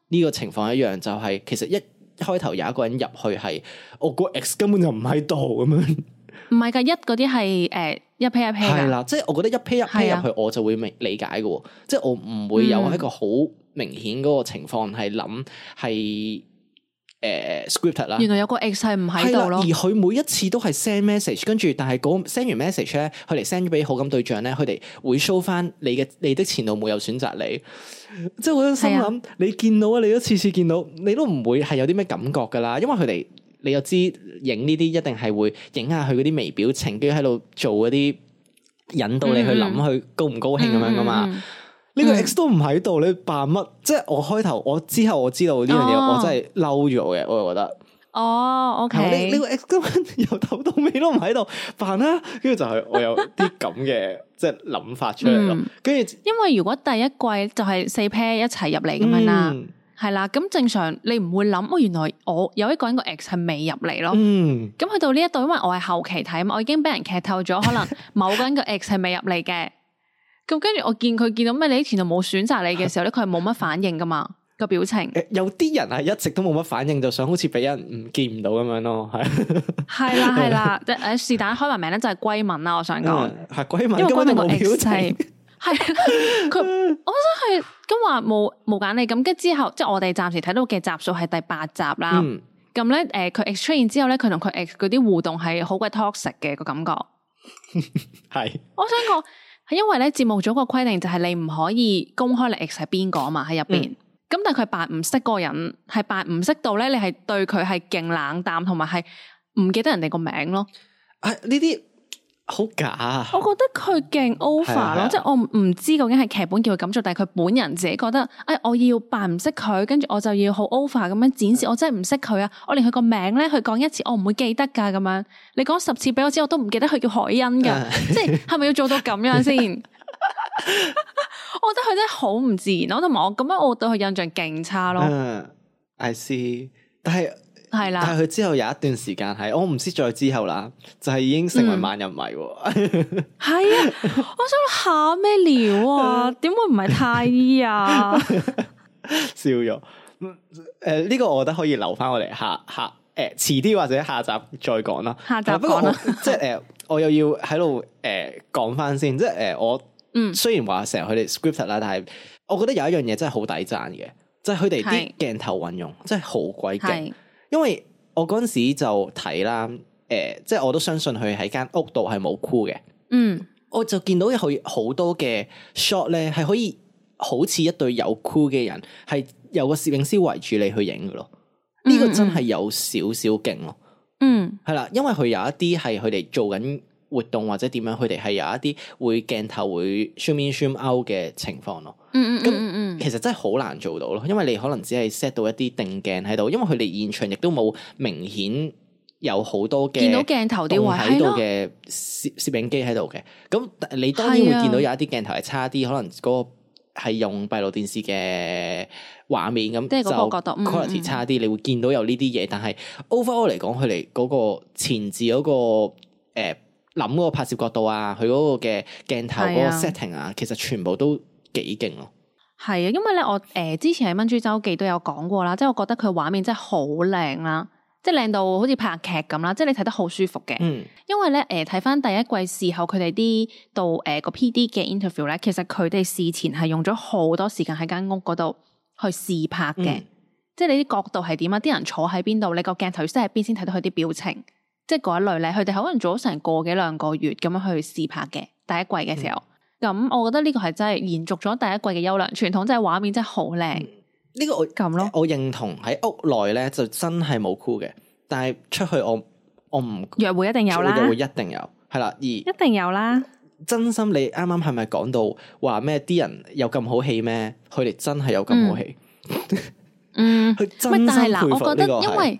呢個情況一樣，就係、是、其實一。一開頭有一個人入去係，我、嗰個 X 根本就唔喺度咁樣，唔係噶，一嗰啲係誒一 pair 一 pair 係啦，即係我覺得一 pair 一 pair 入去，是的 我就會明理解嘅，即係我唔會有一個好明顯嗰個情況係諗係。誒、呃、，script 啦，原來有個 X 係唔喺度咯，而佢每一次都係 send message，跟住但係嗰 send 完 message 咧，佢哋 send 咗俾好感對象咧，佢哋會 show 翻你嘅你的前度冇有選擇你，即係我喺心諗，是啊、你見到啊，你都次次見到，你都唔會係有啲咩感覺噶啦，因為佢哋你又知影呢啲一定係會影下佢嗰啲微表情，跟住喺度做嗰啲引到你去諗佢高唔高興咁、嗯嗯嗯、樣噶嘛。呢個 X 都唔喺度，嗯、你扮乜？即係我開頭，我之後我知道呢樣嘢，我真係嬲咗嘅。我又覺得，哦，OK，呢個 X 根本由頭到尾都唔喺度扮啦。跟住、啊、就係我有啲咁嘅即係諗法出嚟咯。跟住、嗯，後因為如果第一季就係四 pair 一齊入嚟咁樣啦，係啦，咁正常你唔會諗，哦，原來我有一個人個 X 係未入嚟咯。咁去、嗯、到呢一度，因為我係後期睇嘛，我已經俾人劇透咗，可能某個人個 X 係未入嚟嘅。 咁跟住我見佢見到咩？你以前度冇選擇你嘅時候咧，佢係冇乜反應噶嘛？個表情。誒，有啲人係一直都冇乜反應，就想好似俾人唔見唔到咁樣咯。係係啦係啦，誒是但開埋名咧就係龜文啦，我想講。係龜文，因為龜文個表情係佢，我想佢咁話冇冇揀你。咁跟之後，即係我哋暫時睇到嘅集數係第八集啦。咁咧，誒佢 ex 出現之後咧，佢同佢 ex 嗰啲互動係好鬼 toxic 嘅個感覺。係。我想講。係因為咧節目組個規定就係你唔可以公開你 ex 係邊個嘛喺入邊，咁、嗯、但係佢扮唔識嗰個人，係扮唔識到咧，你係對佢係勁冷淡，同埋係唔記得人哋個名咯。啊，呢啲。好假啊！我覺得佢勁 over 咯的，即係我唔知究竟係劇本叫佢咁做，但係佢本人自己覺得，哎，我要扮唔識佢，跟住我就要好 over 咁樣展示，我真係唔識佢啊！我連佢個名咧，佢講一次我唔會記得噶，咁樣你講十次俾我知，我都唔記得佢叫海欣噶，即係係咪要做到咁樣先？我覺得佢真係好唔自然咯，同埋我咁樣，我對佢印象勁差咯。Uh, I see，但係。係是啦，但係佢之後有一段時間係，我唔知再之後啦，就係、是、已經成為萬人迷。係、嗯、 啊，我想下咩料啊？點會唔係太易啊？笑咗。誒、呃、呢、這個我覺得可以留翻我哋下下。誒，遲啲、呃、或者下集再講啦。下集不過 即係誒、呃，我又要喺度誒講翻先。即係誒、呃、我、嗯、雖然話成日佢哋 script 啦，但係我覺得有一樣嘢真係好抵讚嘅，即係佢哋啲鏡頭運用真係好鬼勁。對 對 因為我嗰陣時就睇啦，誒、呃，即係我都相信佢喺間屋度係冇箍嘅。嗯，我就見到佢好多嘅 shot 咧，係可以好似一對有箍嘅人，係有個攝影師圍住你去影㗎咯。呢、這個真係有少少勁咯、啊嗯。嗯，係啦，因為佢有一啲係佢哋做緊。活動或者點樣，佢哋係有一啲會鏡頭會 zoom in zoom out 嘅情況咯。嗯嗯，咁嗯那嗯，其實真係好難做到咯，因為你可能只係 set 到一啲定鏡喺度，因為佢哋現場亦都冇明顯有好多嘅見到鏡頭啲話喺度嘅攝攝影機喺度嘅。咁你當然會見到有一啲鏡頭係差啲，可能嗰個係用閉路電視嘅畫面咁，即係嗰個覺得 quality 差啲，你會見到有呢啲嘢。但係 overall 嚟講，佢哋嗰個前置嗰，那個誒。欸諗嗰個拍攝角度係啊，佢嗰個嘅鏡頭嗰個 setting 啊，其實全部都幾勁咯。係啊，因為咧我誒、呃、之前喺《蚊珠週記》都有講過啦，即係我覺得佢畫面真係好靚啦，即係靚到好似拍劇咁啦，即係你睇得好舒服嘅。嗯，因為咧誒睇翻第一季事後佢哋啲到誒個 P. D. 嘅 interview 咧，呃、inter view, 其實佢哋事前係用咗好多時間喺間屋嗰度去試拍嘅，嗯、即係你啲角度係點啊，啲人坐喺邊度，你個鏡頭要喺邊先睇到佢啲表情。即係嗰一類咧，佢哋可能做咗成個幾兩個月咁樣去試拍嘅第一季嘅時候，咁、嗯嗯、我覺得呢個係真係延續咗第一季嘅優良傳統，真係畫面真係好靚。呢、嗯這個我咁咯，我認同喺屋內咧就真係冇酷嘅，但係出去我我唔約會一定有啦，約會一定有係啦，而一定有啦。真心你啱啱係咪講到話咩？啲人有咁好戲咩？佢哋真係有咁好戲。嗯，喂，但係嗱，我覺得因為。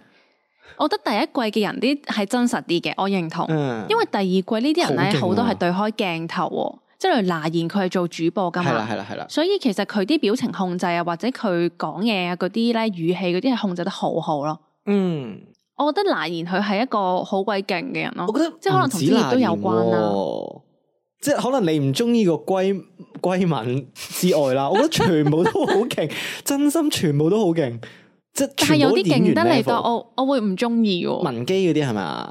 我覺得第一季嘅人啲係真實啲嘅，我認同。嗯、因為第二季呢啲人咧，好、啊、多係對開鏡頭，即係嗱言佢係做主播噶嘛，係啦係啦係啦。所以其實佢啲表情控制啊，或者佢講嘢啊嗰啲咧語氣嗰啲係控制得好好咯。嗯，我覺得嗱言佢係一個好鬼勁嘅人咯。我覺得即係可能同職業都有關啦，即係可能你唔中意個閨閨敏之外啦， 我覺得全部都好勁， 真心全部都好勁。即係有啲勁得嚟到我我會唔中意文姬嗰啲係咪？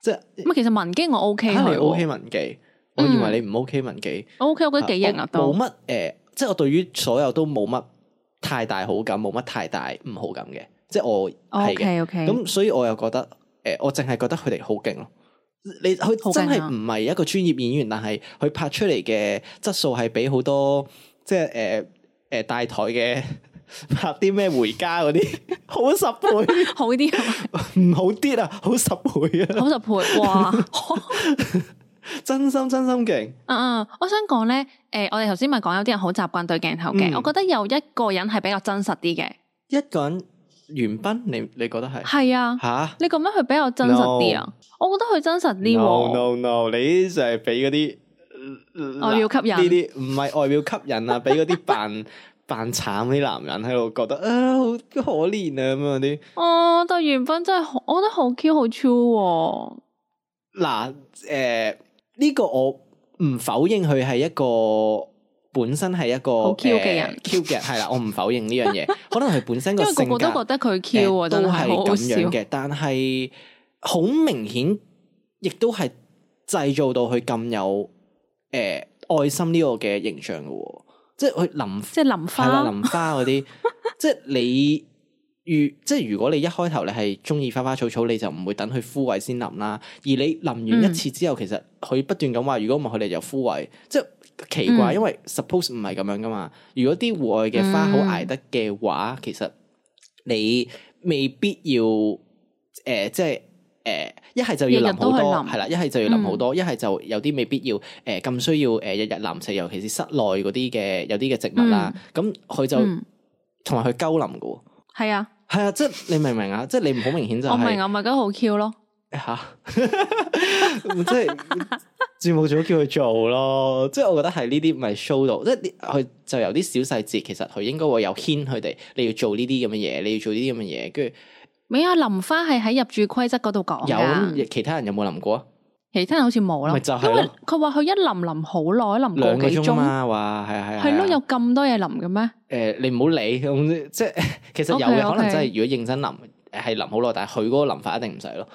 即係其實文姬我 OK 嘅，我 OK 文基。嗯、我認為你唔 OK 文基、嗯、，OK 我覺得幾型呀冇乜誒，即係我對於所有都冇乜太大好感，冇乜太大唔好感嘅。即係我 o OK 咁 okay.、嗯，所以我又覺得誒、呃，我淨係覺得佢哋好勁咯。你佢真係唔係一個專業演員，啊、但係佢拍出嚟嘅質素係畀好多即係誒誒大台嘅。拍啲咩回家嗰啲，好十倍，好啲，唔好啲啊，好十倍啊，好十倍哇！真心真心勁，嗯嗯，我想講咧，誒，我哋頭先咪講有啲人好習慣對鏡頭嘅，我覺得有一個人係比較真實啲嘅，一個人袁斌，你你覺得係係啊吓？你覺得佢比較真實啲啊？我覺得佢真實啲。No no，你就係俾嗰啲外表吸引，呢啲唔係外表吸引啊，俾嗰啲扮。扮慘啲男人喺度覺得啊好可憐啊咁樣啲，啊杜元斌真係我覺得好 Q 好 true。嗱、啊，誒呢、呃這個我唔否認佢係一個本身係一個好 Q 嘅人，Q 嘅人係啦，我唔否認呢樣嘢， 可能係本身個性格個個都覺得佢 Q，、呃、都係咁樣嘅，但係好明顯亦都係製造到佢咁有誒、呃、愛心呢個嘅形象噶。即係去淋花，係啦， 淋花嗰啲，即係你如即係如果你一開頭你係中意花花草草，你就唔會等佢枯萎先淋啦。而你淋完一次之後，嗯、其實佢不斷咁話，如果唔係，佢哋就枯萎，即係奇怪，因為 suppose 唔係咁樣㗎嘛。如果啲戶外嘅花好捱得嘅話，嗯、其實你未必要誒，即、呃、係。就是誒，一係、uh, 就要淋好多，係啦，一係就要淋好多，一係、嗯、就有啲未必要誒咁需要誒日日淋食，uh, eat, 尤其是室內嗰啲嘅有啲嘅植物啦。咁佢、嗯、就同埋佢鳩淋嘅，係、嗯、是啊 ，係啊，即係你明唔明啊、就是？即係你唔好明顯就係我明啊，咪咁好 Q 咯吓，即係節目組叫佢做咯，即、就、係、是、我覺得係呢啲咪 show 到，即係佢就是、有啲小細節，其實佢應該會有牽佢哋，你要做呢啲咁嘅嘢，你要做呢啲咁嘅嘢，跟住。未啊！淋花係喺入住規則嗰度講。有其他人有冇淋過啊？其他人好似冇啦。咪就係，佢話佢一淋淋好耐，淋個幾鐘啊！話係係係。係咯、啊，有咁多嘢淋嘅咩？誒、啊，你唔好理咁，即係、嗯、其實有人可能真係 okay, okay. 如果認真淋係淋好耐，但係佢嗰個淋法一定唔使咯。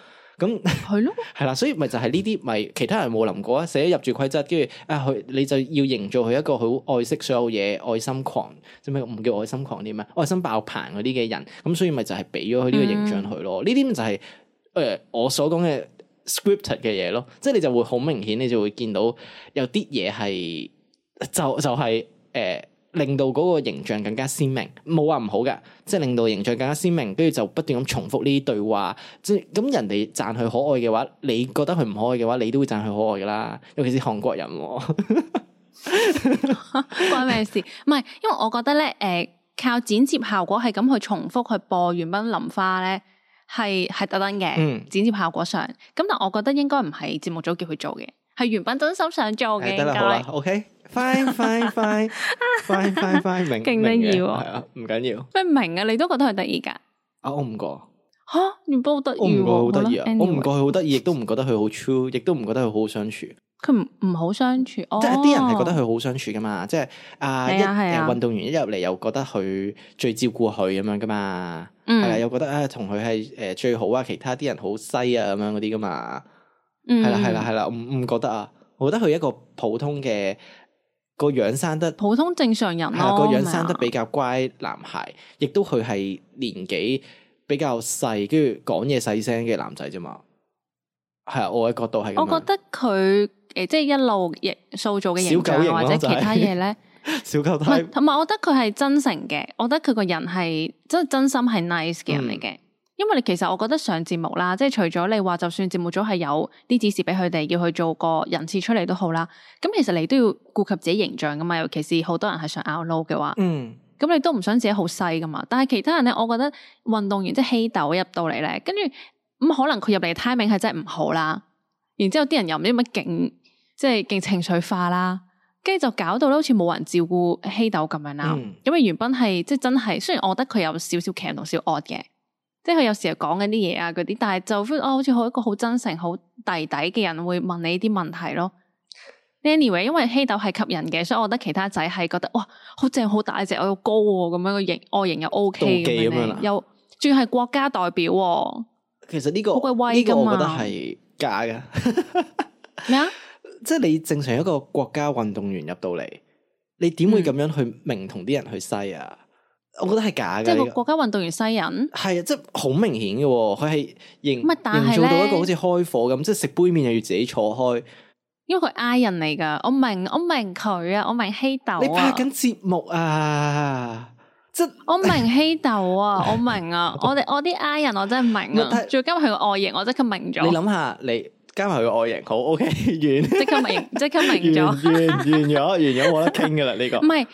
咁係咯，係啦， 所以咪就係呢啲咪其他人冇諗過寫啊！寫入住規則，跟住啊佢你就要營造佢一個好愛惜所有嘢、愛心狂，即係咩唔叫愛心狂啲咩？愛心爆棚嗰啲嘅人，咁所以咪就係俾咗佢呢個形象佢咯。呢啲、嗯、就係、是、誒、呃、我所講嘅 scripted 嘅嘢咯，即係你就會好明顯，你就會見到有啲嘢係就就係、是、誒。呃令到嗰個形象更加鮮明，冇話唔好嘅，即係令到形象更加鮮明，跟住就不斷咁重複呢啲對話，即咁人哋讚佢可愛嘅話，你覺得佢唔可愛嘅話，你都會讚佢可愛噶啦，尤其是韓國人、哦， 關咩事？唔係，因為我覺得咧，誒、呃，靠剪接效果係咁去重複去播《原品林花呢》咧，係係特登嘅，嗯、剪接效果上，咁但係我覺得應該唔係節目組叫佢做嘅，係原品真心想做嘅，得啦、哎，好啦，OK。Fine Fine Fine Fine Fine Fine 明，勁得要係啊，唔緊要。咩明啊？你都覺得佢得意噶啊？我唔覺吓，唔好得意。我唔覺好得意啊！我唔覺佢好得意，亦都唔覺得佢好 true，亦都唔覺得佢好好相處。佢唔唔好相處，即係啲人係覺得佢好相處噶嘛？即係啊！一係運動員一入嚟又覺得佢最照顧佢咁樣噶嘛？嗯，係啦，又覺得啊，同佢係誒最好啊，其他啲人好西啊咁樣嗰啲噶嘛？嗯，係啦，係啦，係啦，唔唔覺得啊？我覺得佢一個普通嘅。個樣生得普通正常人，啊，係個樣生得比較乖男孩，亦的都佢係年紀比較細，跟住講嘢細聲嘅男仔啫嘛。係啊， 胎我嘅角度係，我覺得佢誒，即係一路形塑造嘅人，小狗型或者其他嘢咧，小狗胎同埋，我覺得佢係真誠嘅，我覺得佢個人係真係真心係 nice 嘅人嚟嘅。嗯因為你其實我覺得上節目啦，即係除咗你話就算節目組係有啲指示俾佢哋要去做個人設出嚟都好啦。咁其實你都要顧及自己形象噶嘛，尤其是好多人係想 out low 嘅話，嗯，咁你都唔想自己好細噶嘛。但係其他人咧，我覺得運動員即係稀豆入到嚟咧，跟住咁可能佢入嚟 timing 係真係唔好啦。然之後啲人又唔知乜勁，即係勁情緒化啦，跟住就搞到咧好似冇人照顧稀豆咁樣啦。嗯、因為袁斌係即係真係，雖然我覺得佢有少少強同少惡嘅。即係佢有時又講緊啲嘢啊，嗰啲，但係就、哦、好似好一個好真誠、好弟弟嘅人會問你啲問題咯。Anyway，因為希豆係吸引嘅，所以我覺得其他仔係覺得哇，好正、好大隻，要高咁、啊、樣個形，外形 OK 又 OK 咁樣，又仲要係國家代表、啊。其實呢個呢個，個我覺得係假嘅。咩 啊麼？即係你正常一個國家運動員入到嚟，你點會咁樣去明同啲人去西啊？我覺得係假嘅，即係個國家運動員西人，係啊，即係好明顯嘅，佢係營營造到一個好似開火咁，即係食杯麵又要自己坐開，因為佢 I 人嚟噶我明我明佢啊，我明希豆，你拍緊節目啊，即係我明希豆啊，我明啊，我哋我啲 I 人我真係明啊，再加埋佢個外形，我即刻明咗。你諗下，你加埋佢個外形，好，OK，完，即刻明，即刻明咗，完完咗，完咗冇得傾噶啦，呢個唔係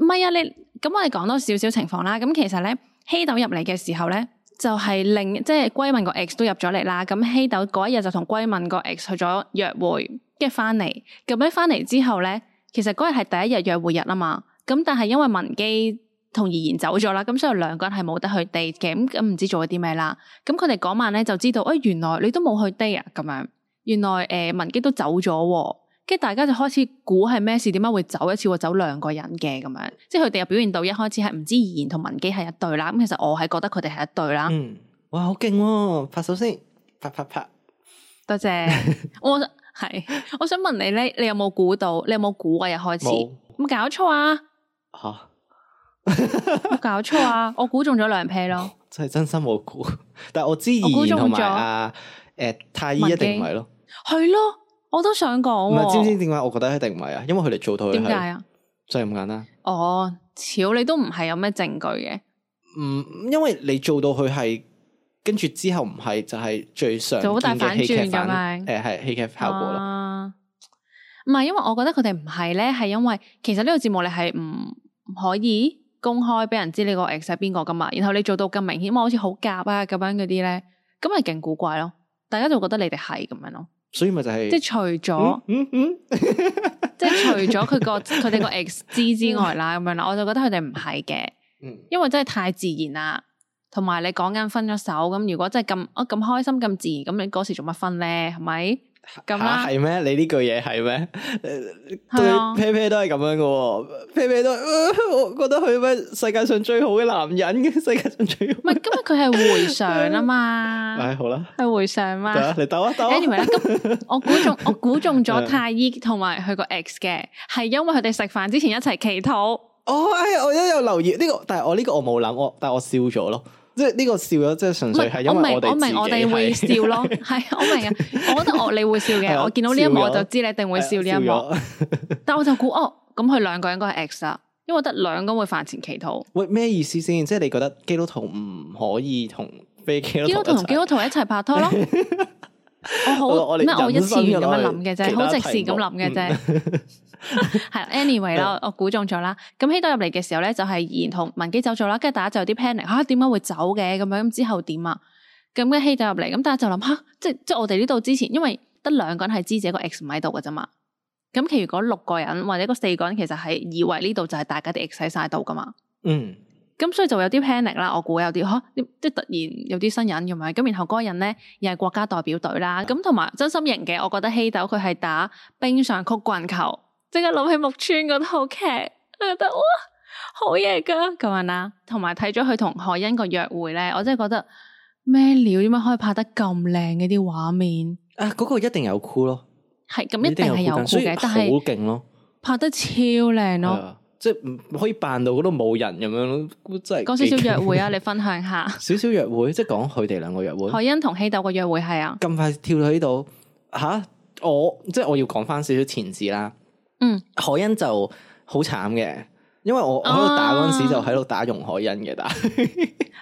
唔係啊你。咁我哋講多少少情況啦，咁其實咧，希豆入嚟嘅時候咧，就係、是、令即係龜文個 X 都入咗嚟啦。咁希豆嗰一日就同龜文個 X 去咗約會，跟住翻嚟，咁樣翻嚟之後咧，其實嗰日係第一日約會日啊嘛。咁但係因為文姬同怡然走咗啦，咁所以兩個人係冇得去 day 嘅，咁咁唔知做咗啲咩啦。咁佢哋嗰晚咧就知道，哎、欸，原來你都冇去 day 啊，咁樣，原來誒、呃、文姬都走咗、啊。跟住大家就開始估係咩事，點解會走一次，會走兩個人嘅咁樣？即係佢哋又表現到一開始係唔知怡然同文基係一對啦。咁其實我係覺得佢哋係一對啦。嗯，哇，好勁、哦！拍手先，啪啪啪！多謝。 我係我想問你咧，你有冇估到？你有冇估啊？一開始冇，有搞錯啊？嚇、呃！冇搞錯啊！我估中咗兩 pair 咯。真係真心冇估，但係我知怡然同埋阿誒太伊一定唔係咯。係咯。我都想講、啊，唔係知唔知點解？我覺得一定唔係啊，因為佢哋做到點解啊？就係咁簡單。哦，超，你都唔係有咩證據嘅。唔、嗯，因為你做到佢係跟住之後唔係就係、是、最常就好大反轉咁樣。誒，係戲劇效果啦。唔係、啊，因為我覺得佢哋唔係咧，係因為其實呢個節目你係唔可以公開俾人知你個 ex 係邊個噶嘛。然後你做到咁明顯，我好似好夾啊咁樣嗰啲咧，咁咪勁古怪咯。大家就覺得你哋係咁樣咯。所以咪就係、是，即係除咗，即係除咗佢個佢哋個 ex 之之外啦，咁樣啦，我就覺得佢哋唔係嘅，嗯、因為真係太自然啦。同埋你講緊分咗手，咁如果真係咁，我、哦、咁開心咁自然，咁你嗰時做乜分咧？係咪？咁係咩？你呢句嘢係咩？ 對呸呸 都係咁樣噶、喔，呸呸都、呃，我覺得佢咩世界上最好嘅男人嘅，世界上最好。唔係今日佢係回上啊嘛，係、 哎、好啦，係回上嘛，你斗一斗。Anyway 啦，我估中，我估中咗太醫同埋佢個 ex 嘅，係 因為佢哋食飯之前一齊祈禱。哦，哎，我一有留意呢、這個，但係我呢個我冇諗，我但係我笑咗咯。即係呢個笑咗，即係純粹係，我明我明我哋會笑咯，係 我明啊！我覺得我你會笑嘅， 啊、我見到呢一幕我就知你一定會笑呢一幕。笑了 但我就估哦，咁佢兩個人應該係 X 啦，因為我覺得兩個人會飯前祈禱。喂，咩意思先？即係你覺得基督徒唔可以同非基督，基督徒？基督徒同基督徒一齊拍拖咯？ 我好很咩？ 我一次元咁樣諗嘅啫，好直時咁諗嘅啫。 係，anyway 啦，我估中咗啦。咁希豆入嚟嘅時候咧，就係、是、然同文基走咗啦，跟住大家就有啲 panic，吓點解、啊、會走嘅？咁樣咁之後點啊？咁跟希豆入嚟，咁大家就諗下、啊，即係即係我哋呢度之前，因為得兩個人係知住一個 X 唔喺度嘅啫嘛。咁其餘嗰六個人或者嗰四個人，其實係以為呢度就係大家啲 x 喺晒度噶嘛。嗯。咁所以就有啲 panic 啦，我估有啲吓，即係突然有啲新人咁樣。咁、啊、然後嗰個人咧，又係國家代表隊啦。咁同埋真心型嘅，我覺得希豆佢係打冰上曲棍球。即刻諗起木村嗰套劇，我覺得哇好嘢噶咁樣啦。同埋睇咗佢同海欣個約會咧，我真係覺得咩料？點解可以拍得咁靚嘅啲畫面？啊，嗰、嗰個一定有酷咯，係咁一定係有酷嘅以，但係好勁咯，是拍得超靚咯，即係、啊就是、可以扮到嗰度冇人咁樣，真係講少少約會啊！你分享下 少少約會，即係講佢哋兩個約會，海 欣同希豆個約會係啊。咁快跳到呢度吓？我，我即係我要講翻少少前事啦。嗯，海欣就好慘嘅，因為我我喺度打嗰陣時就喺度打容海欣嘅，打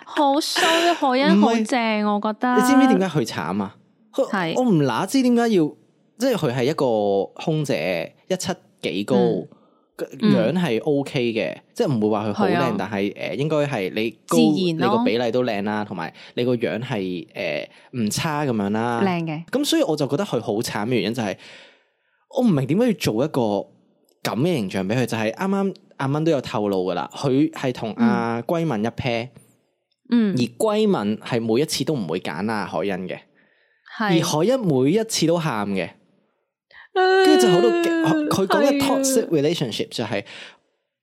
好衰，海欣好正，我覺得。你知唔知點解佢慘啊？係我唔乸知點解要，即係佢係一個空姐，一七幾高，樣係 OK 嘅，即係唔會話佢好靚，但係誒應該係你高，你個比例都靚啦，同埋你個樣係誒唔差咁樣啦。靚嘅。咁所以我就覺得佢好慘嘅原因就係。我唔明，點解要做一個咁嘅形象俾佢，就係啱啱阿蚊都有透露噶啦，佢係同阿歸敏一 pair，嗯，而歸敏係每一次都唔會揀阿、啊、海欣嘅，係是，而海欣每一次都喊嘅，跟住、啊、就好多，佢嗰嘅 toxic relationship、啊、就係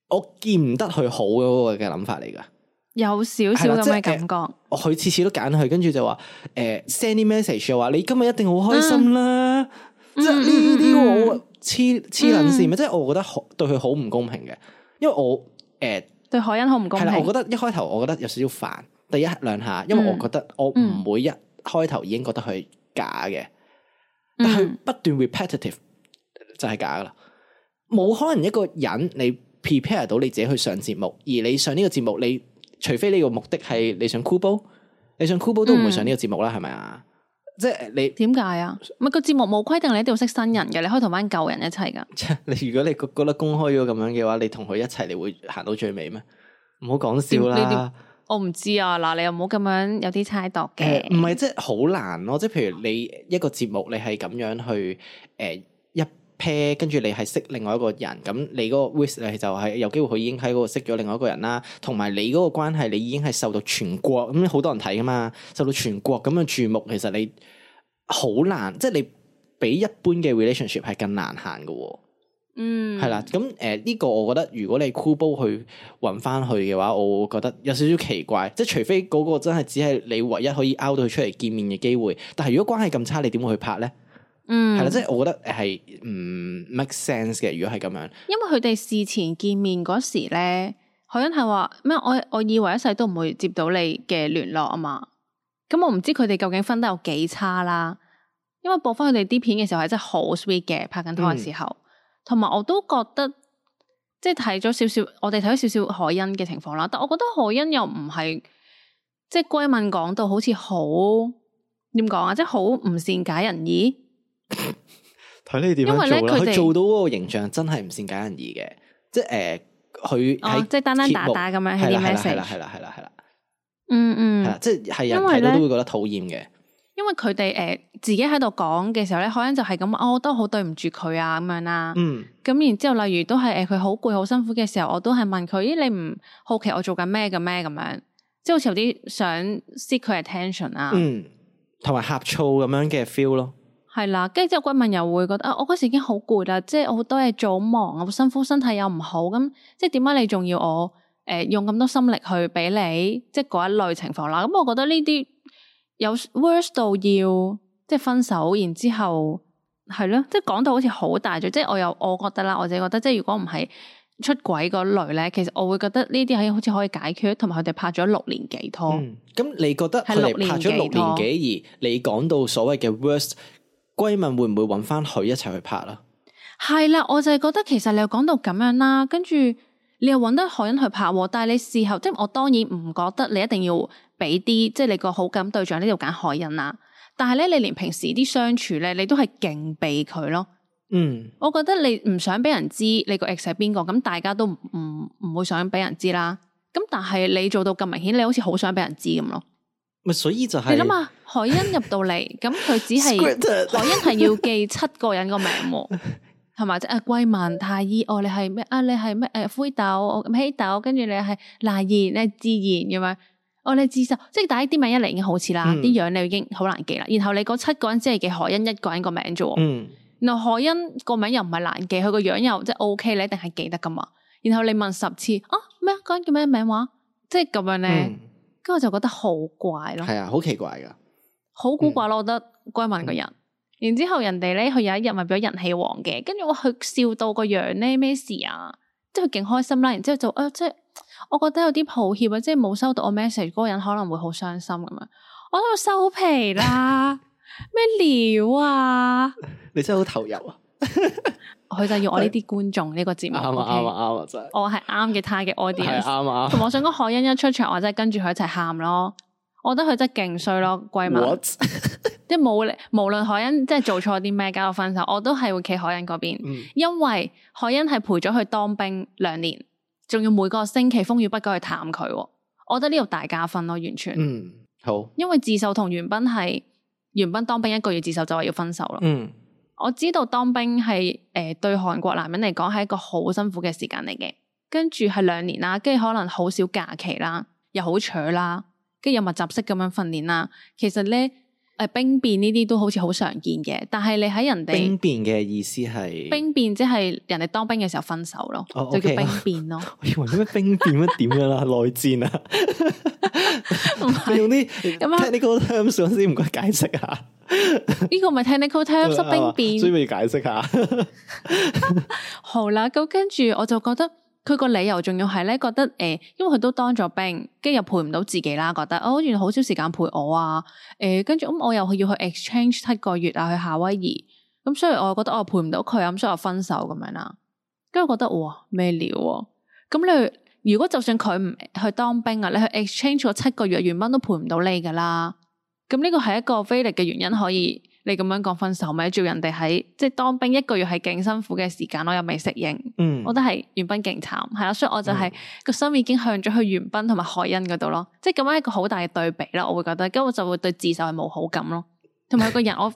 我見唔得佢好嗰個嘅諗法嚟噶，有少少咁嘅感覺，佢次、就是呃、次都揀佢，跟住就話，誒 send 啲 message 啊，話你今日一定好開心啦。啊即係呢啲我黐黐捻線咩？即係我覺得好對佢好唔公平嘅，因為我誒、呃、對海欣好唔公平。係啦，我覺得一開頭我覺得有少少煩，第一兩下，因為我覺得我唔會一開頭已經覺得佢假嘅，嗯嗯、但係不斷 repetitive 就係假噶啦。冇可能一個人你 prepare 到你自己去上節目，而你上呢個節目，你除非你個目的係你上酷波，你上酷波都唔會上呢個節目啦，係咪啊？嗯即係你點解啊？唔係、個節目冇規定你一定要識新人嘅，你可以同班舊人一齊噶。即係你如果你覺得公開咗咁樣嘅話，你同佢一齊，你會行到最尾咩？唔好講笑啦！呢啲我唔知啊，嗱，你又唔好咁樣有啲猜度嘅。唔係即係好難咯，即係譬如你一個節目，你係咁樣去誒。呃 pair 跟住，你係識另外一個人，咁你嗰個 w h 就係有機會，佢已經喺嗰度識咗另外一個人啦，同埋你嗰個關係你已經係受到全國咁好多人睇噶嘛，受到全國咁嘅注目，其實你好難即係、就是、你比一般嘅 relationship 係更難行噶，嗯，係啦，咁誒呢個我覺得如果你箍煲去揾翻去嘅話，我會覺得有少少奇怪，即係除非嗰個真係只係你唯一可以 out 到佢出嚟見面嘅機會，但係如果關係咁差，你點會去拍呢？嗯，係啦，即係我覺得係唔 make sense 嘅。如果係咁樣，因為佢哋事前見面嗰時咧，海欣係話咩？我我以為一世都唔會接到你嘅聯絡啊嘛。咁我唔知佢哋究竟分得有幾差啦。因為播翻佢哋啲片嘅時候係真係好 sweet 嘅，拍緊拖嘅時候。同埋、嗯、我都覺得，即係睇咗少少，我哋睇咗少少海欣嘅情況啦。但我覺得海欣又唔係，即係閨蜜講到好似好點講啊，即係好唔善解人意。睇你點樣做啦，因為呢，佢做到嗰個形象真係唔善解人意嘅，即係誒，佢即係單單打打咁樣，係啦，係啦，係啦，係啦，係啦，嗯嗯，係啦，即係人睇到都會覺得討厭嘅，因為佢哋誒自己喺度講嘅時候咧，可能就係咁，我都好對唔住佢啊，咁樣啦，咁然之後例如都係誒，佢好攰好辛苦嘅時候，我都係問佢咦，你唔好奇我做緊咩嘅咩咁樣，即係好似有啲想 seek 佢 attention 啊，同埋呷醋咁樣嘅 feel 咯。係啦，跟住之後，閨蜜又會覺得啊，我嗰時已經好攰啦，即係我好多嘢做忙，忙啊，辛苦，身體又唔好，咁即係點解你仲要我誒、呃、用咁多心力去俾你？即係嗰一類情況啦。咁、嗯、我覺得呢啲有 worst 到要即係分手，然之後係，咯，即係講到好似好大咗。即係我又我覺得啦，我自己覺得，即係如果唔係出軌嗰類咧，其實我會覺得呢啲係好似可以解決，同埋佢哋拍咗六年幾拖。咁、嗯、你覺得佢哋拍咗六年幾而你講到所謂嘅 worst？閨蜜會唔會搵翻佢一齊去拍啦？係啦，我就係覺得其實你又講到咁樣啦，跟住你又搵得海欣去拍，但係你事後即係我當然唔覺得你一定要俾啲，即係你個好感對象呢度揀海欣啦。但係咧，你連平時啲相處咧，你都係勁避佢咯。嗯，我覺得你唔想俾人知你個 ex 係邊個，咁大家都唔唔會想俾人知啦。咁但係你做到咁明顯，你好似好想俾人知咁咯。咪所以就係、是。海恩入到嚟，咁佢只係 海恩係要記七個人個名，係咪？即係啊，桂萬太醫，哦，你係咩？啊，你係咩？誒、啊，灰豆，咁黑豆，跟住你係賴二，你係自然，咁樣，哦，你自秀，即係打啲名一嚟，已經好似啦，啲、嗯、樣你已經好難記啦。然後你嗰七個人只係記海恩一個人個名啫。嗯，然後海恩個名又唔係難記，佢個樣又即係 O K 你一定係記得噶嘛。然後你問十次，哦、啊，咩？嗰人叫咩名話？即係咁樣咧，跟住、嗯、我就覺得好怪咯。係啊，好奇怪噶。嗯嗯嗯好古怪咯，我覺得該問個人，嗯、然之後人哋咧，佢有一日咪畀咗人氣王嘅，跟住我佢笑到個樣咧咩事啊？即係佢勁開心啦，然之後就誒，即、啊、係我覺得有啲抱歉啊，即係冇收到我 message 嗰個人可能會好傷心咁樣，我喺度收皮啦，咩料啊？你真係好投入啊！佢就要我呢啲觀眾呢個節目啱啊啱啊啱啊真係，我係啱嘅，他嘅 ideas。啱啊！我想講海欣一出場，我真係跟住佢一齊喊咯。我覺得佢真係勁衰咯，閨蜜。即係冇無論海恩即係做錯啲咩，搞到分手，我都係會企海恩嗰邊，嗯、因為海恩係陪咗佢當兵兩年，仲要每個星期風雨不改去探佢，我覺得呢度大家分咯，完全。嗯，好。因為自首同元斌係元斌當兵一個月自首就話要分手咯。嗯，我知道當兵係誒、呃、對韓國男人嚟講係一個好辛苦嘅時間嚟嘅，跟住係兩年啦，跟住可能好少假期啦，又好扯啦。跟住有密集式咁樣訓練啦，其實咧誒、呃、兵變呢啲都好似好常見嘅，但係你喺人哋兵變嘅意思係兵變即係人哋當兵嘅時候分手咯，哦、就叫兵變咯。哦 okay. 哦、我以為咩兵變咩點樣啦， 內戰啊！ 是 用啲咁啊呢個 technical terms 我先唔該解釋下，呢個唔係 technical terms 兵變， 所以要解釋下 好。好啦，咁跟住我就覺得。佢個理由仲要係咧，覺得誒、呃，因為佢都當咗兵，跟住又陪唔到自己啦，覺得哦，原來好少時間陪我啊，誒、呃，跟住咁我又要去 exchange 七個月啊，去夏威夷，咁、嗯、所以我覺得我陪唔到佢啊，咁、嗯、所以我分手咁樣啦，跟住我覺得哇咩料喎，咁、啊、你如果就算佢唔去當兵啊，你去 exchange 咗七個月，原本都陪唔到你噶啦，咁呢個係一個非力嘅原因可以。你咁樣講分手咪仲人哋喺即係當兵一個月係勁辛苦嘅時間，我又未適應，嗯、我覺得係元彬勁慘，係咯，所以我就係、是、個、嗯、心已經向咗去元彬同埋海恩嗰度咯，即係咁樣一個好大嘅對比咯，我會覺得，咁我就會對自首係冇好感咯，同埋個人我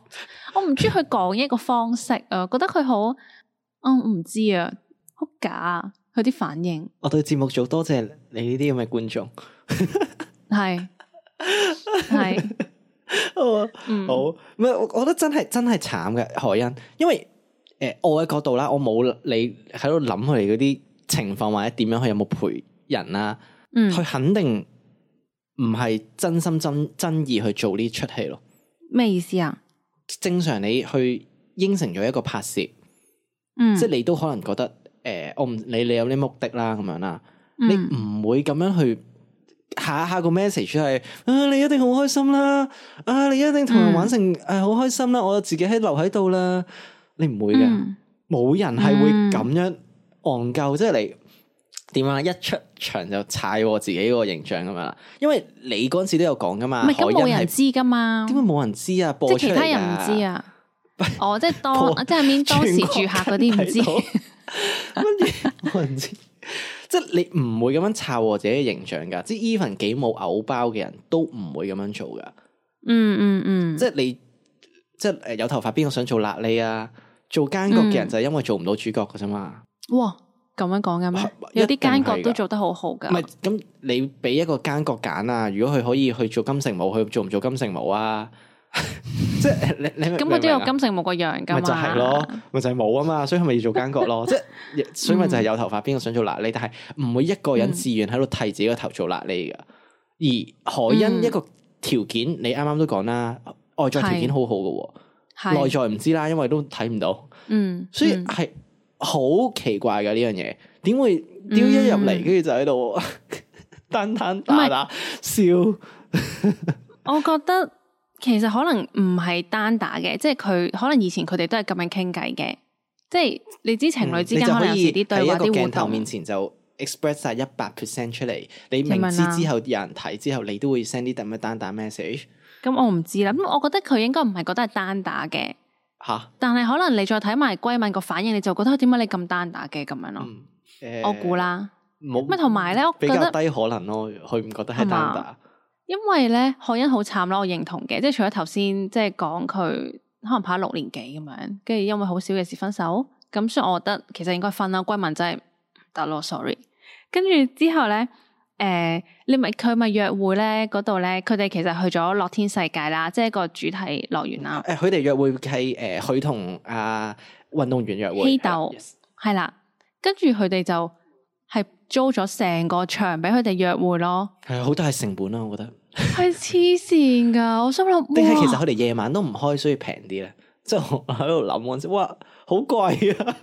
我唔中意佢講一個方式 我我啊，覺得佢好，嗯唔知啊，好假，佢啲反應。我對節目組多謝你呢啲咁嘅觀眾，係 係。 哦， 好，唔、嗯、我，我覺得真係真係慘嘅，何欣，因為誒、呃，我喺嗰度啦，我冇你喺度諗佢哋嗰啲情況或者點樣，佢有冇陪人啦、啊，嗯，佢肯定唔係真心真真意去做呢出戲咯。咩意思啊？正常你去應承咗一個拍攝，嗯，即係你都可能覺得誒、呃，我唔理你，你有啲目的啦，咁樣啦，嗯、你唔會咁樣去。下下個 message 係，啊你一定好開心啦、啊，啊你一定同人玩成誒好、嗯啊、開心啦、啊，我自己喺留喺度啦，你唔會嘅，冇、嗯、人係會咁樣戇鳩，嗯、即係你點啊？一出場就踩我自己個形象咁樣，因為你嗰陣時都有講噶嘛，唔咁冇人知噶嘛，點解冇人知啊？播出嚟，即係其他人唔知啊？ 哦，即係當即係面當時住客嗰啲唔知，乜嘢冇人知。即係你唔會咁樣炒我自己形象噶，即係 even 幾冇偶包嘅人都唔會咁樣做噶、嗯。嗯嗯嗯，即係你即係誒有頭髮邊個想做癩痢啊？做奸角嘅人就係因為做唔到主角噶啫嘛。哇，咁樣講嘅咩？有啲奸角都做得好好噶。唔係，咁你俾一個奸角揀啊？如果佢可以去做金城武，佢做唔做金城武啊？ 即係你你咁佢都有金城冇個樣噶，咪 就係咯，咪就係冇啊嘛，所以佢咪要做奸角咯。 即係所以咪就係有頭髮，邊個 想做辣痢？但係唔會一個人自願喺度剃自己個頭做辣痢噶。而海恩一個條件，你啱啱都講啦，外在條件好好噶，內在唔知啦，因為都睇唔到。嗯， 所以係好奇怪噶呢樣嘢，點會丟一入嚟，跟住 就喺度單單打打笑是笑？ 我覺得。其實可能唔係單打嘅，即係佢可能以前佢哋都係咁樣傾偈嘅，即係你知情侶之間、嗯、可能有啲對嗰啲鏡頭面前就 express 晒一百 percent 出嚟，嗯嗯、你明知之後有人睇之後，你都會 send 啲咁嘅單打 message。咁我唔知啦，咁我覺得佢應該唔係覺得係單打嘅，吓、呃，但係可能你再睇埋閨蜜個反應，你就覺得點解你咁單打嘅咁樣咯？我估啦，冇乜同埋咧，我比較低可能咯，佢唔覺得係單打。嗯嗯呃因為咧，海欣好慘咯，我認同嘅，即係除咗頭先即係講佢可能拍六年幾咁樣，跟住因為好少嘅事分手，咁所以我覺得其實應該分啦。閨民真係得佬，sorry。跟住之後咧，誒、呃，你咪佢咪約會咧？嗰度咧，佢哋其實去咗樂天世界啦，即係一個主題樂園啦。誒，佢哋約會係誒，佢同阿運動員約會。黐豆係啦，跟住佢哋就係租咗成個場俾佢哋約會咯。係啊，好大成本啊，我覺得。係黐線噶，我心諗，定係其實佢哋夜晚都唔開，所以平啲咧？即係我喺度諗嗰陣，哇，好貴啊！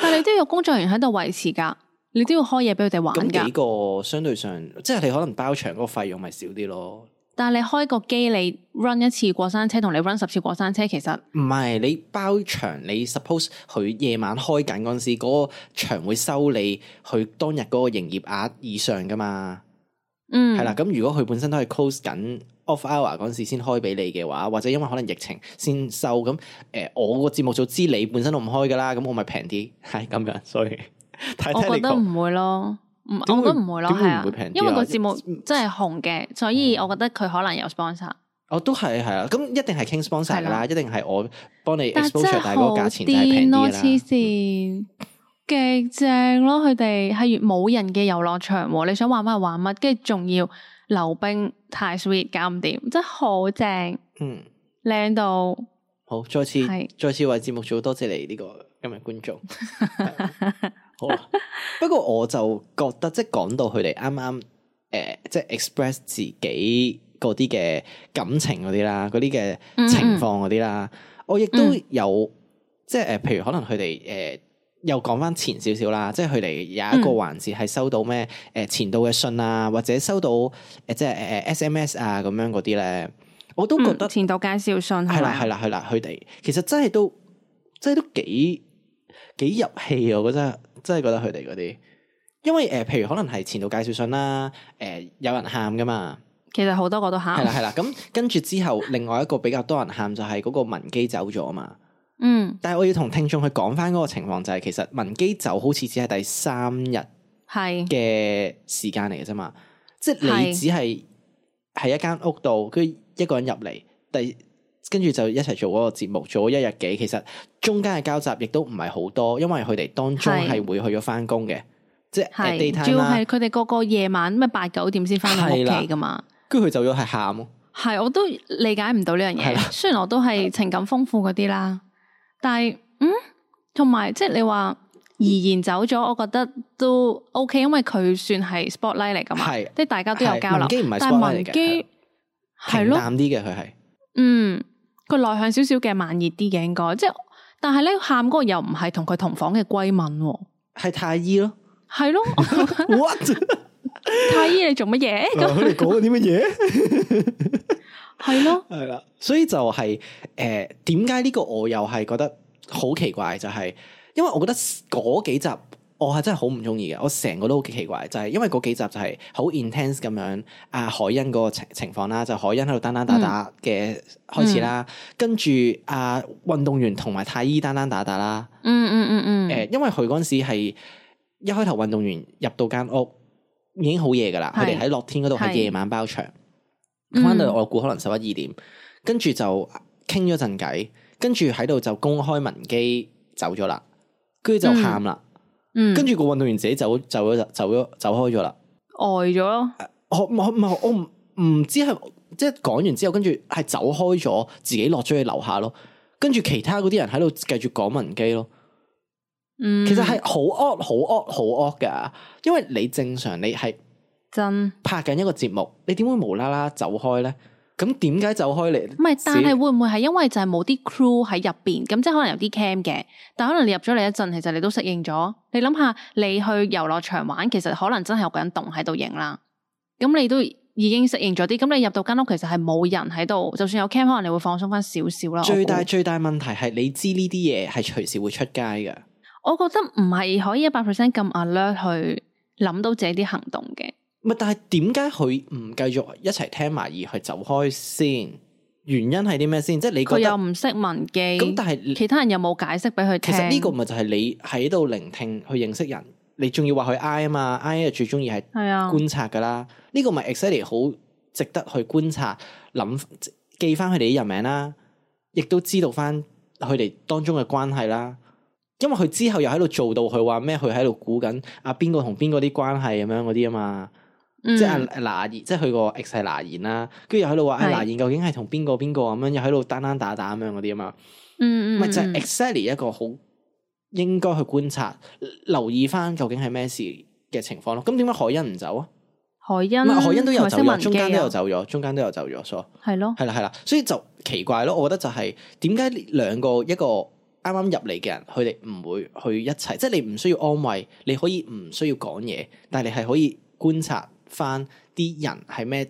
但係你都要有工作人員喺度維持噶，你都要開嘢俾佢哋玩。咁幾個相對上，即係你可能包場嗰個費用咪少啲咯。但係你開個機，你 run 一次過山車同你 run 十次過山車，其實唔係你包場，你 suppose 佢夜晚開緊嗰陣時，嗰、嗰個場會收你佢當日嗰個營業額以上噶嘛。嗯，係啦，咁如果佢本身都係 close 緊 off hour 嗰時先開俾你嘅話，或者因為可能疫情先收，咁、呃、誒我個節目就知你本身都唔開噶啦，咁我咪平啲，係咁樣，所以我覺得唔會咯，我覺得唔會咯，係啊，因為個節目真係紅嘅，所以我覺得佢可能有 sponsor、嗯。我都係，係啊，咁一定係傾 sponsor 啦，一定係、啊、我幫你 exposure 但係個價錢係平啲黐線。呃極正咯！佢哋係冇人嘅遊樂場，你想玩乜玩乜，跟住仲要溜冰，太 sweet，搞唔掂，真係好正，嗯，靚到得好，再次是再次為節目做多謝你呢、這個今日觀眾， 好啊。不過我就覺得，即係講到佢哋啱啱誒，即、呃、係、就是、express 自己嗰啲嘅感情嗰啲啦，嗰啲嘅情況嗰啲啦，嗯嗯我亦都有，即係誒，譬如可能佢哋誒。呃又講翻前少少啦，即係佢哋有一個環節係收到咩誒、嗯、前度嘅信啊，或者收到誒即係誒 SMS 啊咁樣嗰啲咧，我都覺得、嗯、前度介紹信係啦係啦係啦，佢哋其實真係都真係都幾幾入戲啊！我覺得真係覺得佢哋嗰啲，因為誒、呃、譬如可能係前度介紹信啦、啊，誒、呃、有人喊噶嘛，其實好多個都喊係啦係啦，咁跟住之後， 另外一個比較多人喊就係嗰個文基走咗啊嘛。嗯，但係我要同聽眾去講翻嗰個情況就係、是，其實文基就好似只係第三日係嘅時間嚟嘅啫嘛，是即係你只係喺一間屋度，跟一個人入嚟，第跟住就一齊做嗰個節目，做咗一日幾，其實中間嘅交集亦都唔係好多，因為佢哋當中係會去咗翻工嘅，是即係地攤啦。主要係佢哋個個夜晚咩八九點先翻到屋企噶嘛，跟住佢就要係喊，係的我都理解唔到呢樣嘢。的雖然我都係情感豐富嗰啲啦。 但係，嗯，同埋即係你話怡然走咗，我覺得都 OK，因為佢算係 spotlight 嚟噶嘛，即係是大家都有交流。姬但係文基係咯，喊啲嘅佢係，嗯，佢內向少少嘅，慢熱啲嘅應該，即係，但係咧喊嗰個又唔係同佢同房嘅閨蜜，係太醫咯，係咯，what？太醫你做乜嘢？咁你講嘅啲乜嘢？ 係咯，係啦，所以就係、是、誒，點解呢個我又係覺得好奇怪？就係、是、因為我覺得嗰幾集我係真係好唔中意嘅，我成個都好奇怪。就係、是、因為嗰幾集就係好 intense 咁樣，阿、啊、海欣嗰個情情況啦，就海欣喺度打打、嗯啊、噔噔打打嘅開始啦，跟住阿運動員同埋太醫單單打打啦，嗯嗯嗯嗯，誒、嗯呃，因為佢嗰陣時係一開頭運動員入到間屋已經好夜噶啦，佢哋喺樂天嗰度係夜晚包場。翻到我估可能十一二點，跟住就傾咗陣偈，跟住喺度就公開文機走咗啦，跟住就喊啦，跟住個運動員自己走走咗啦，走咗走，走開咗啦，呆咗了咯、啊，我唔唔唔知係即係講完之後，跟住係走開咗，自己落咗去樓下咯，跟住其他嗰啲人喺度繼續講文機咯，嗯，其實係好 odd，好 odd，好 odd 噶，因為你正常你係。拍緊一個節目，你點會無啦啦走開呢？咁點解走開嚟？唔係，但係會唔會係因為就係冇啲 crew 喺入邊？咁即係可能有啲 cam 嘅，但可能你入咗嚟一陣，其實你都適應咗。你諗下，你去遊樂場玩，其實可能真係有個人動喺度影啦。咁你都已經適應咗啲。咁你入到間屋，其實係冇人喺度，就算有 cam，可能你會放鬆返少少啦。最大我猜 最大問題係你知呢啲嘢係隨時會出街㗎。我覺得唔係可以一百 percent 咁 alert 去諗到自己啲行動嘅。但係點解佢唔繼續一齊聽埋而去走開先？原因係啲咩先？即係你覺得佢又唔識文記？咁但係其他人有冇解釋俾佢聽？其實呢個咪就係你喺度聆聽去認識人，你仲要話佢 I 啊嘛？I 最中意係係啊觀察噶啦，呢個咪 exactly 好值得去觀察諗記翻佢哋啲人名啦，亦都知道翻佢哋當中嘅關係啦。因為佢之後又喺度做到佢話咩，佢喺度估緊阿邊個同邊個啲關係咁樣嗰啲啊嘛。即係阿那言，即係去過 ex 係那言啦，跟住又喺度話，哎、啊，那言究竟係同邊個邊個咁樣，又喺度單單打打咁樣嗰啲啊嘛，嗯，嗯，咪、嗯嗯、就係 exactly 一個好應該去觀察、留意翻究竟係咩事嘅情況咯。咁點解海欣唔走啊？海欣海欣因都有走咗、啊，中間都有走咗，中間都有走咗，所以係咯，係啦，係啦，所以就奇怪咯。我覺得就係點解兩個一個啱啱入嚟嘅人，佢哋唔會去一齊，即係、嗯、你唔需要安慰，你可以唔需要講嘢，但係你係可以觀察。翻啲人係咩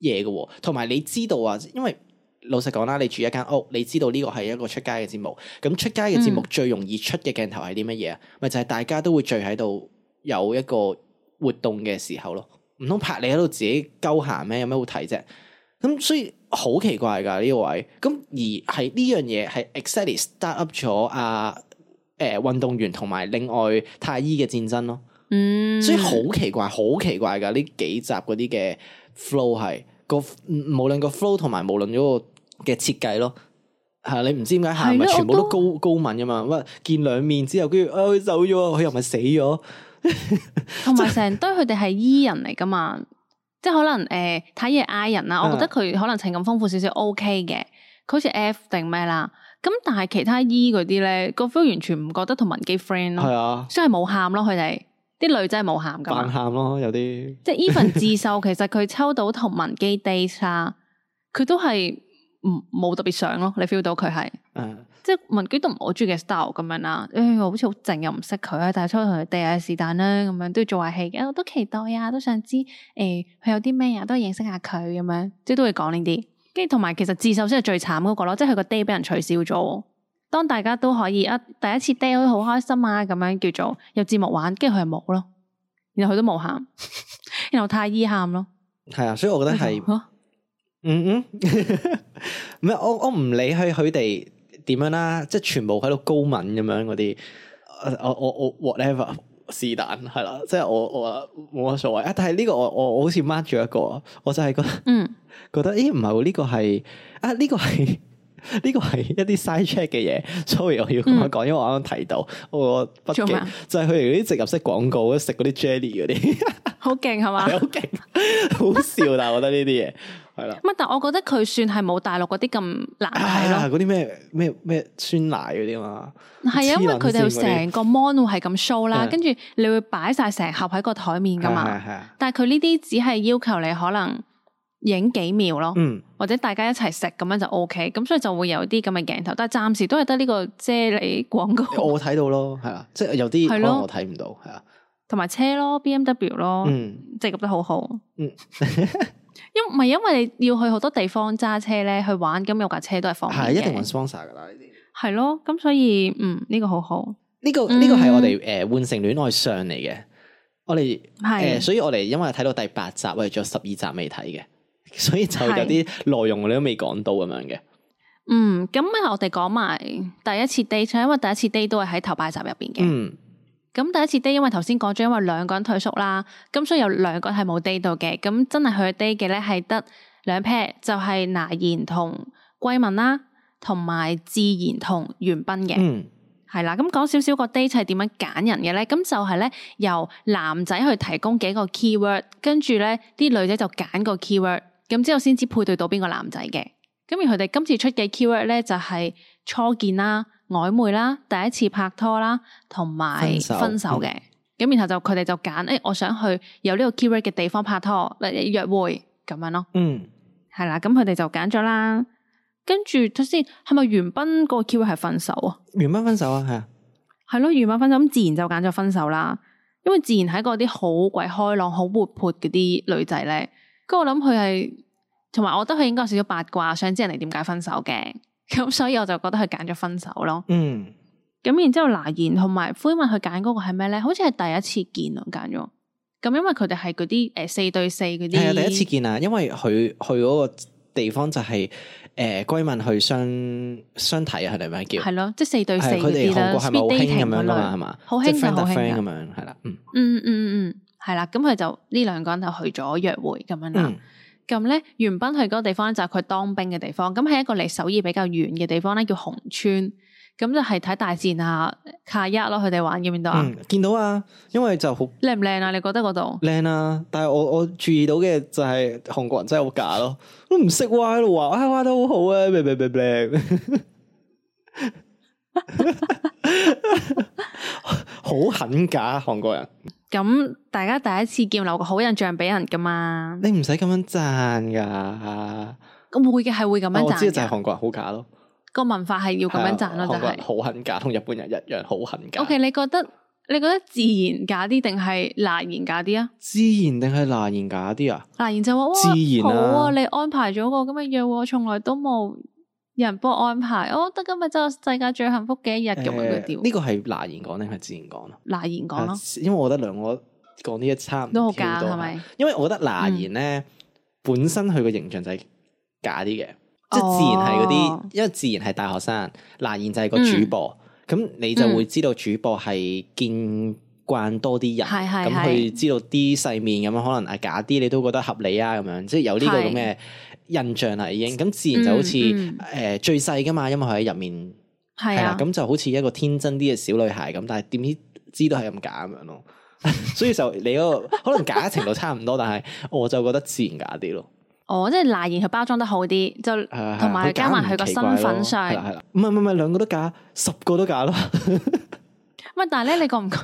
嘢嘅？同埋你知道啊，因為老實講啦，你住一間屋，你知道呢個係一個出街嘅節目。咁出街嘅節目最容易出嘅鏡頭係啲乜嘢啊？咪、嗯、就係大家都會聚喺度有一個活動嘅時候咯。唔通拍你喺度自己鳩行咩？有咩好睇啫？咁所以好奇怪噶呢個位。咁而係呢樣嘢係 excited start up 咗啊！誒、呃，運動員同埋另外太醫嘅戰爭咯。嗯，所以好奇怪，好奇怪噶呢幾集嗰啲嘅 flow 係個無論個 flow 同埋無論嗰個嘅設計咯，係、啊、你唔知點解喊咪全部都高都高敏噶嘛？喂，見兩面之後，跟住啊走咗，佢又咪死咗？同埋成堆佢哋係 E 人嚟噶嘛？即係可能誒睇嘢 I 人啦，我覺得佢可能情感豐富少少 OK 嘅，嗯、好似 F 定咩啦。咁但係其他 E 嗰啲咧個 flow 完全唔覺得同文基 friend 咯，係啊的，即係冇喊咯佢哋。雷啲女真係冇喊噶，扮喊咯，有啲即係 even 自秀，其實佢抽到同文基 date 佢都係唔冇特別想咯，你 feel 到佢係，uh, 即係文基都唔係我中意嘅 style 咁樣啦，哎呀，好似好靜又唔識佢啊，但係抽到同佢 date 是但啦，咁樣、啊、都要做下戲嘅，我都期待啊，都想知誒佢、欸、有啲咩啊，都認識下佢咁樣，即係都會講呢啲，跟住同埋其實自秀先係最慘嗰、那個咯，即係佢個 date 俾人取消咗。當大家都可以啊，第一次 deal 好開心啊，咁樣叫做有節目玩，跟住佢係冇咯，然後佢都冇喊， 然後太依喊咯，係 啊，所以我覺得係，嗯嗯，咩？我我唔理佢佢哋點樣啦，即係全部喺度高敏咁樣嗰啲，我我我 whatever 是但係啦，即係我我冇乜所謂啊。但係呢個我我,我好似 mark 咗一個，我就係覺得，嗯，覺得咦，唔、欸、係，呢、這個係啊呢、這個係。呢個係一啲 side check 嘅嘢，所以我要同一講，因為我啱啱提到、嗯哦、我筆記，就係佢哋嗰啲植入式廣告，食嗰啲 jelly 嗰啲，好勁係嘛？好勁，好笑， 但係我覺得呢啲嘢係啦。乜？但係我覺得佢算係冇大陸嗰啲咁難睇咯。嗰啲咩咩咩酸奶嗰啲嘛？係啊，因為佢哋成個 mon 係咁 show 啦，跟住、啊、你會擺晒成盒喺個台面噶嘛。啊啊啊啊、但係佢呢啲只係要求你可能。影幾秒咯，嗯、或者大家一齊食咁樣就 O K，咁所以就會有啲咁嘅鏡頭。但係暫時都係得呢個啫喱廣告，我睇到咯，係啊，即係有啲我睇唔到，係啊，同埋車咯，B M W 咯，嗯，即係植入得好好，嗯， 因唔係因為你要去好多地方揸車咧去玩，咁有架車都係方便，係、啊、一定揾 sponsor 噶啦呢啲，係咯，咁所以嗯呢、呢個好好，呢、呢個呢、呢個係我哋誒換乘戀愛上嚟嘅，我哋係的所以我哋因為睇到第八集，我哋仲有十二集未睇嘅。所以就有啲內容你都未講到咁樣嘅。嗯，咁我哋講埋第一次 date，因為第一次 date 都係喺頭八集入邊嘅。嗯。咁第一次 date 因為頭先講咗，因為兩個人退縮啦，咁所以有兩個人係冇 date 到嘅。咁真係去 date 嘅咧，係得兩 pair，就係、是、拿言同桂文啦，同埋自然同元斌嘅。嗯。係啦，咁講少少個 date 係點樣揀人嘅咧？咁就係咧，由男仔去提供幾個 keyword，跟住咧啲女仔就揀個 keyword。咁之後先至配對到邊個男仔嘅，咁而佢哋今次出嘅 keyword 咧就係、是、初見啦、曖昧啦、第一次拍拖啦，同埋分手嘅。咁、嗯、然後就佢哋就揀，誒、哎，我想去有呢個 keyword 嘅地方拍拖、約會咁樣咯。嗯，係啦，咁佢哋就揀咗啦。跟住頭先係咪元彬個 keyword 係分手啊？元彬分手啊，係啊，係咯，元彬分手，咁自然就揀咗分手啦。因為自然喺嗰啲好鬼開朗、好活潑嗰啲女仔咧。不過我諗佢係，同埋我覺得佢應該有少少八卦，想知人哋點解分手嘅，咁所以我就覺得佢揀咗分手咯。嗯，咁然之後那言同埋閨蜜佢揀嗰個係咩咧？好似係第一次見啊，揀咗。咁因為佢哋係嗰啲誒四對四嗰啲，係 啊樂第一次見啊，因為佢去嗰個地方就係誒閨蜜去相相睇啊，係咪叫？係咯，即係四對四佢哋啦。好興咁樣啊嘛，係嘛 friend，好興噶，好興噶，咁樣係啦，嗯嗯嗯嗯嗯。 係啦，咁佢就呢兩個人就去咗約會咁樣啦。咁 咧，原彬去嗰個地方就係佢當兵嘅地方，咁喺一個離首爾比較遠嘅地方咧，叫洪川。咁就係睇大戰啊卡一咯，佢哋玩嘅邊度啊？見到啊，因為就好靚唔靚啊？你覺得嗰度靚啊？但係我我注意到嘅就係韓國人真係好假咯，都唔識畫喺度畫，畫得好好啊！咩咩咩咩，好狠假韓國人。咁大家第一次見留個好印象俾人噶嘛？你唔使咁樣讚噶、啊，咁會嘅係會咁樣讚、啊。我知道就係、是、韓國人好假咯，個文化係要咁樣讚咯、就是，就係、啊、好狠假，同日本人一樣好狠假。O、okay, K，你覺得你覺得自然假啲定係難言假啲啊？自然定係難言假啲啊？難言就話哇，自然啊，好啊，你安排咗個咁嘅約會，我從來都冇。人幫安排，我覺得今日就係世界最幸福嘅一日嘅喎。呢個係拿言講定係自然講咯？拿言講咯、呃，因為我覺得兩個講呢一餐都好假係咪？因為我覺得拿言咧、嗯、本身佢個形象就係假啲嘅，嗯、即係自然係嗰啲，因為自然係大學生，拿言就係個主播，咁、嗯、你就會知道主播係見慣多啲人，咁佢、嗯嗯、知道啲世面咁啊，可能係假啲，你都覺得合理啊，咁樣即係有呢個咁嘅。印象啦，已經咁自然就好似誒、嗯嗯呃、最細噶嘛，因為佢喺入面係啦，咁、啊啊、就好似一個天真啲嘅小女孩咁。但係點知知都係咁假咁樣咯， 所以就你嗰、那個可能假程度差唔多， 但係我就覺得自然假啲咯。哦，即係賴然佢包裝得好啲，就同埋、啊啊、加埋佢個身份上、啊，係啦唔係唔係兩個都假，十個都假咯。唔 係，但係咧，你覺唔覺？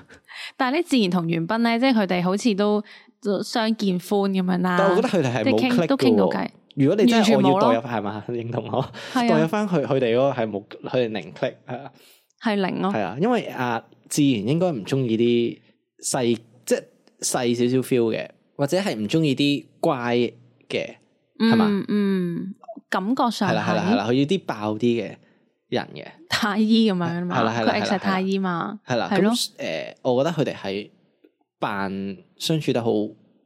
但係咧，自然同元彬咧，即係佢哋好似都相見歡咁樣啦。 但我覺得佢哋係冇傾都傾到偈。如果你真係我要代入，係嘛？認同我代入翻佢，佢哋嗰個係冇佢哋，零 c l 係啊，係零咯，係啊，因為啊自然應該唔中意啲細，即係細少少 feel 嘅，或者係唔中意啲乖嘅係嘛？嗯，感覺上係啦，係啦，係啦，要啲爆啲嘅人嘅太醫咁樣，係啦，係啦係太醫嘛，係啦，係咯，我覺得佢哋係扮相處得好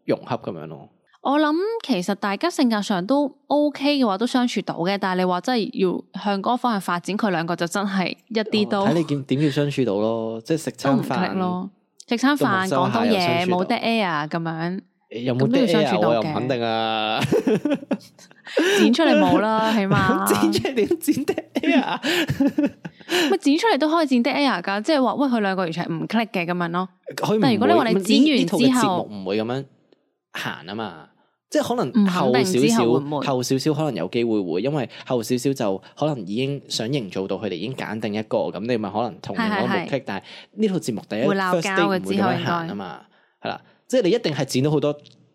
融合咁樣咯。我諗其實大家性格上都 O K 嘅話都相處到嘅，但係你話真係要向嗰個方向發展，佢兩個就真係一啲都睇、哦、你見點要相處到咯，即係食餐飯咯，食餐飯講多嘢冇得 air 咁樣，有冇都要相處到嘅？我又肯定啊， 剪出嚟冇啦，係嘛？ 剪出嚟點剪得 air， 剪出嚟都可以剪得 air 噶，即係話喂，佢、就、兩、是、個完全唔 click 嘅咁樣咯。但係如果你話你剪完之後唔會咁樣行啊嘛？即係可能後少少，後少少可能有機會會，因為後少少就可能已經想營造到佢哋已經揀定一個，咁你咪可能同人講 make，但係呢套節目第一會鬧交嘅之內啊嘛，係啦，即係你一定係剪到好多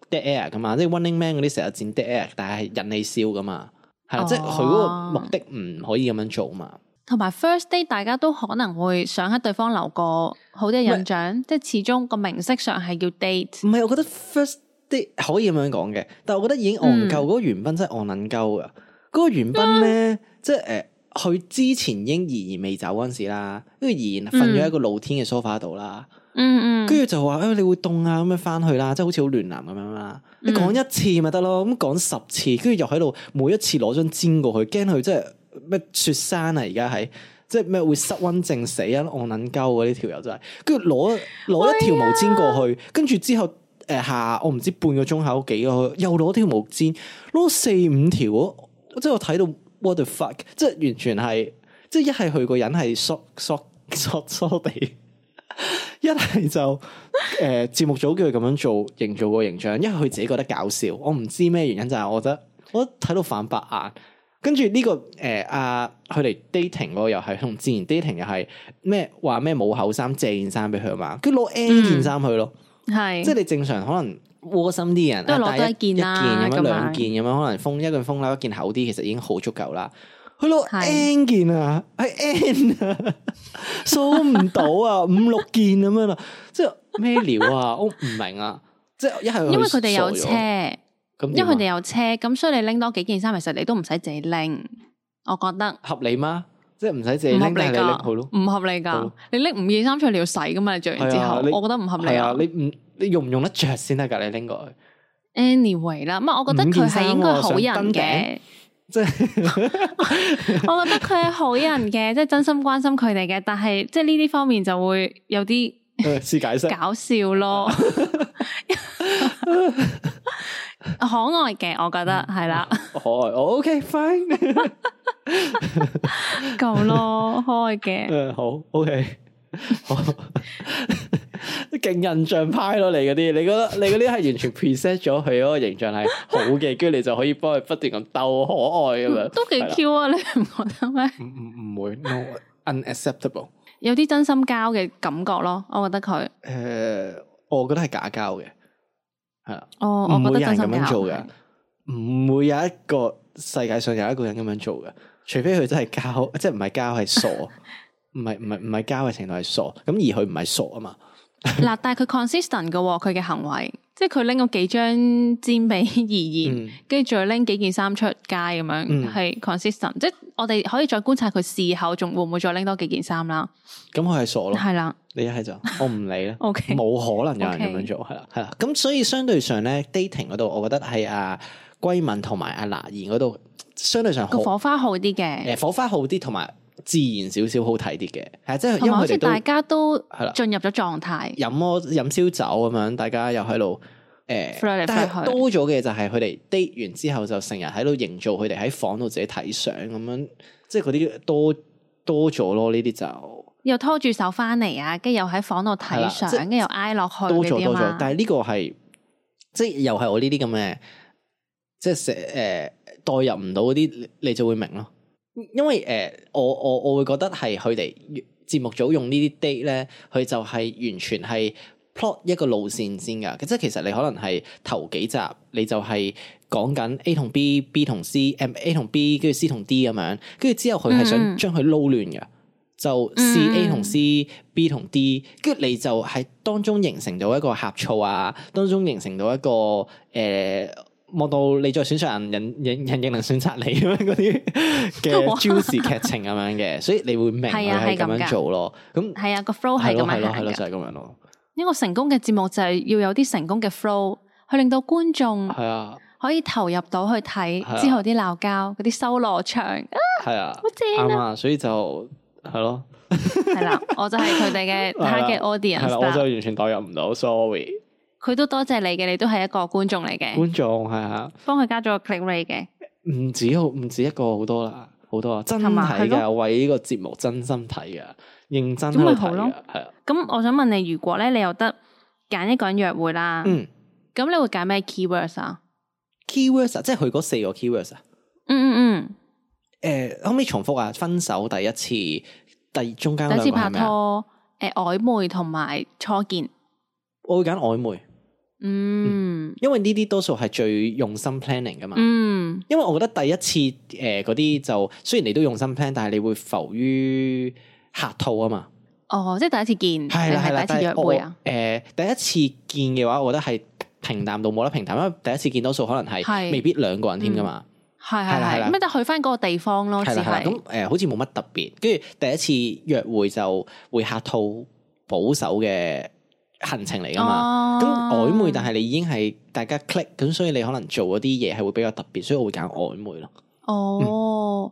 dead air 噶嘛，即係 running man 嗰啲成日剪 dead air，但係人哋笑噶嘛，係啦，即係佢嗰個目的唔可以咁樣做嘛。同埋 first day 大家都可能會想喺對方留個好啲印象，即係始終個名色上係叫 date。唔係，我覺得 first。啲可以咁樣講嘅，但係我覺得已經戇鳩。嗰、嗯、個原斌真係戇捻鳩噶。嗰個原斌咧，即係誒，佢、呃、之前嬰兒而然未走嗰陣時啦，跟住而然瞓咗喺個露天嘅梳化度啦。嗯嗯，跟住就話誒、哎，你會凍啊，咁樣翻去啦，即係好似好暖男咁樣啦。你講一次咪得咯，咁講、嗯、十次，跟住又喺度每一次攞張氈過去，驚佢即係咩雪山啊，而家係即係咩會失溫症死啊，戇捻鳩啊！呢條友真係，跟住攞攞一條毛氈過去，跟住、哎、呀之後。誒，下我唔知半個鐘頭幾多，又攞條毛氈攞四五條咯，即係我睇到 what the fuck，即係完全係，即係一係佢個人係縮縮縮縮地，一係 就誒節、呃、目組叫佢咁樣做，營造個形象，一係佢自己覺得搞笑，我唔知咩原因就係、是、我覺得我睇到反白眼，跟住呢個誒阿、呃、佢哋、啊、dating 嗰個又係同之前 dating 又係咩話咩冇厚衫借件衫俾佢嘛，佢攞 N 件衫去咯。嗯係，是即係你正常可能窩心啲人，因為攞多一件啦，咁樣兩件咁樣，可能風一件風褸一件厚啲，其實已經好足夠啦。佢攞是 N 件啊，係 N 啊，數唔到啊， 五六件咁樣啦，即係咩料啊？ 我唔明啊，即係一係因為佢哋有車，因為佢哋有車，咁所以你拎多幾件衫，其實你都唔使自己拎，我覺得合理嗎？即係唔使自己拎嚟拎好咯，唔合理噶，你拎五件衫出嚟要洗噶嘛？你着完之後，啊、我覺得唔合理啊！你唔你用唔用得着先得噶？你拎過去，anyway 啦，咁啊，我覺得佢係應該好人嘅，即係、啊、 我覺得佢係好人嘅，即、就、係、是、真心關心佢哋嘅，但係即係呢啲方面就會有啲，解釋 搞笑咯。 可愛嘅，我覺得係啦，可愛，OK，fine，夠咯，可愛嘅，好，OK，勁 印象派咯、啊，你嗰啲，你覺得你嗰啲係完全 preset 咗佢嗰個形象係好嘅，跟住 你就可以幫佢不斷咁鬥可愛咁啦、嗯，都幾 Q 啊，了你唔覺得咩？唔 唔會、no，unacceptable，有啲真心交嘅感覺咯，我覺得佢，誒、呃，我覺得係假交嘅。係啊，唔會、哦、人咁樣做嘅，唔會有一個世界上有一個人咁樣做嘅，除非佢真係膠，即係唔係膠，係傻，唔係唔係唔係膠嘅程度係傻，咁而佢唔係傻啊嘛。嗱、 啊，但係佢 consistent 嘅、哦，佢嘅行為，即係佢拎咗幾張氈被而言，跟住、嗯、再拎幾件衫出街咁樣，係 consistent。即係我哋可以再觀察佢事後仲會唔會再拎多幾件衫啦。咁佢係傻咯。係啦。你一係就我唔理啦，冇 Okay. 可能有人咁樣做，係啦 Okay.，係啦。咁所以相對上咧 dating 嗰度，我覺得係阿歸敏同埋阿娜言嗰度相對上個火花好啲嘅，誒、嗯，火花好啲，同埋自然少少好睇啲嘅，係即係因為佢哋大家都係啦，進入咗狀態，飲飲燒酒咁樣，大家又喺度誒，欸、但係多咗嘅就係佢哋 date 完之後就成日喺度營造佢哋喺房度自己睇相咁樣，即係嗰啲多多咗咯，呢啲就。又拖住手翻嚟啊，跟住又喺房度睇相，跟住即又挨落去嗰啲，多咗，多咗。但係呢個係，即係又係我呢啲咁嘅，即係誒、呃、代入唔到嗰啲，你就會明咯。因為誒、呃，我我我會覺得係佢哋節目組用呢啲 date 咧，佢就係完全係 plot 一個路線先噶。即係其實你可能係頭幾集，你就係講緊 A 同 B、B 同 C、M、A 同 B，跟住 C 同 D 咁樣，跟住之後佢係想將佢撈亂嘅。嗯就 C A 同 C B 同 D，跟住你就喺當中形成到一個呷醋啊，當中形成到一個誒，望、呃、到你再選上人，人人亦能選擇你咁樣嗰啲嘅 juicy 劇情咁樣嘅，所以你會明係啊係咁樣做咯，咁係啊，那啊、這個 flow 係咁、啊、樣嘅，就係咁樣咯。呢個成功嘅節目就係要有啲成功嘅 flow，去令到觀眾係啊可以投入到去睇、啊、之後啲鬧交嗰啲修羅場啊，係啊好正啊，所以就。 係咯，係啦， 我就係佢哋嘅，target audience，係啦，我就完全代入唔到，sorry。佢都多謝你嘅，你都係一個觀眾嚟嘅，觀眾係啊，幫佢加咗個 click rate 嘅，唔止好，唔止一個，好多啦，好多啊，真睇噶，為呢個節目真心睇噶，認真去睇噶，係啊、嗯。咁的我想問你，如果咧，你又得揀一個人約會啦，嗯，咁你會揀咩 keywords 啊？keywords 即係佢嗰四個 keywords 啊？嗯嗯嗯。誒，可唔可以重複啊？分手第一次，第中間兩次拍拖，誒，曖昧同埋初見，我會揀曖昧。嗯，因為呢啲多數係最用心 planning 噶嘛。嗯，因為我覺得第一次誒嗰啲就雖然你都用心 plan，但係你會浮於客套啊嘛。哦，即係第一次見係啦，第一次約會啊。誒，第一次見嘅話，我覺得係平淡到冇得平淡，因為第一次見多數可能係未必兩個人添噶嘛。係係係咁，但係去翻嗰個地方咯。係啦係咁誒，好似冇乜特別。跟住第一次約會就會客套保守嘅行程嚟噶嘛。咁曖、啊嗯、昧，但係你已經係大家 click，咁所以你可能做嗰啲嘢係會比較特別，所以我會揀曖昧咯。哦，嗯、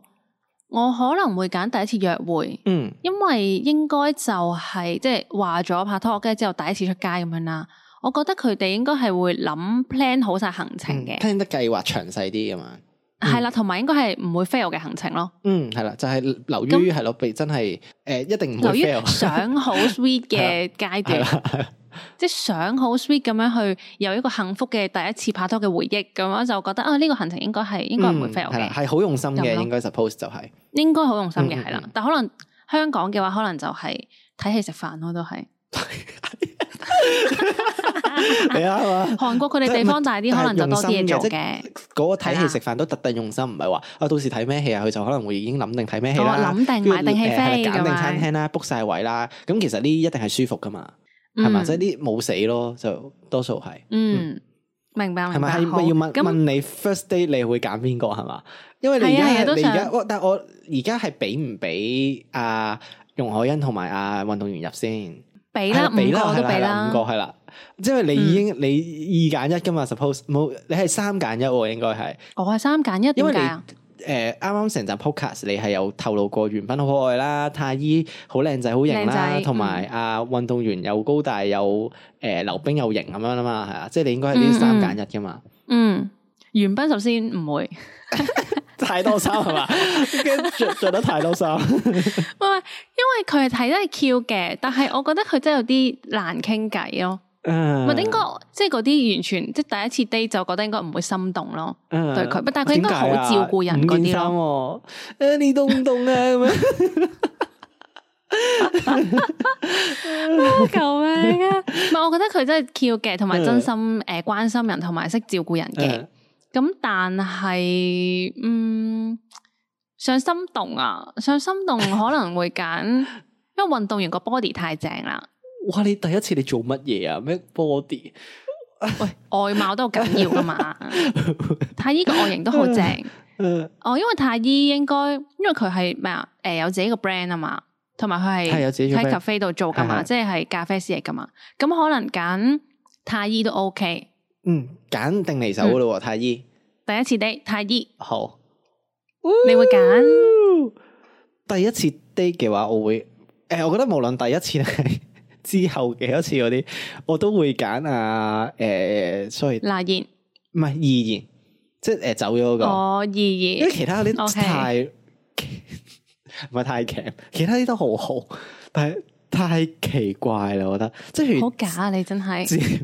我可能會揀第一次約會，嗯，因為應該就係、是、即係話咗拍拖，跟住之後第一次出街咁樣啦。我覺得佢哋應該係會諗 plan 好晒行程嘅，聽得計劃詳細啲噶嘛。嗯。係啦，同埋應該係唔會 fail 嘅行程咯。嗯，係啦，就係、是、留於係咯，真係誒、呃，一定唔會 fail，於想好 sweet 嘅階段， 即係想好 sweet 咁樣去有一個幸福嘅第一次拍拖嘅回憶，咁樣就覺得啊，呢、這個行程應該係應該唔會 fail 嘅，係好、嗯、用心嘅，應該 suppose 就係、是、應該好用心嘅，係啦。但可能香港嘅話，可能就係睇戲食飯咯，都係。 係啊，韓國佢哋地方大啲，可能就多啲嘢做嘅。嗰個睇戲食飯都特登用心，唔係話啊。到時睇咩戲啊？佢就可能會已經諗定睇咩戲啦。諗定買定戲飛噶嘛。揀定餐廳啦，book 晒位啦。咁其實呢一定係舒服噶嘛，係嘛？即係啲冇死咯，就多數係。嗯，明白明白。係咪係要問問你 first day 你會揀邊個係嘛？因為你而家你而家我但係我而家係俾唔俾阿容海恩同埋阿運動員入先？俾啦，五個都俾啦，五個係啦，即係你已經你二揀一噶嘛？Suppose 冇，你係三揀一喎，應該係。我係三揀一，因為你誒啱啱成集 Podcast 你係有透露過袁彬好可愛啦，太醫好靚仔好型啦，同埋阿運動員又高大又誒溜冰又型咁樣啦嘛，係啊，即係你應該係呢三揀一噶嘛。嗯，袁彬首先唔會。太多衫係嘛，驚着着得太多衫。唔係，因為佢係睇得係 Q 嘅，但係我覺得佢真係有啲難傾偈咯。唔係，應該即係嗰啲完全即係第一次 date 就覺得應該唔會心動咯。對佢，但係佢應該好照顧人嗰啲咯。你都唔凍啊，咁樣？救命啊！唔係，我覺得佢真係 Q 嘅，同埋真心誒關心人，同埋識照顧人嘅。咁但係，嗯，上心動啊，上心動可能會揀， 因為運動員個 body 太正啦。哇！你第一次你做乜嘢啊？咩 body？ 喂，外貌都好緊要噶嘛？太醫個外形都好正 哦，因為太醫應該因為佢係咩啊？誒、呃，有自己個 brand 啊嘛，同埋佢係喺咖啡度做噶嘛，即係咖啡師嚟噶嘛。咁可能揀太醫都 OK。嗯，揀定離手噶咯，太醫、嗯、姨第一次 date 太醫好，你會揀、呃、第一次 date 嘅話，我會誒、呃，我覺得無論第一次咧， 之後嘅一次嗰啲，我都會揀啊。誒、呃，所以嗱燕二唔係二燕，即係誒、呃、走咗嗰、那個哦二燕，因為其他嗰啲太唔係 Okay. 太強，其他啲都好好，但係。太奇怪啦！我覺得即係好假。你真係即係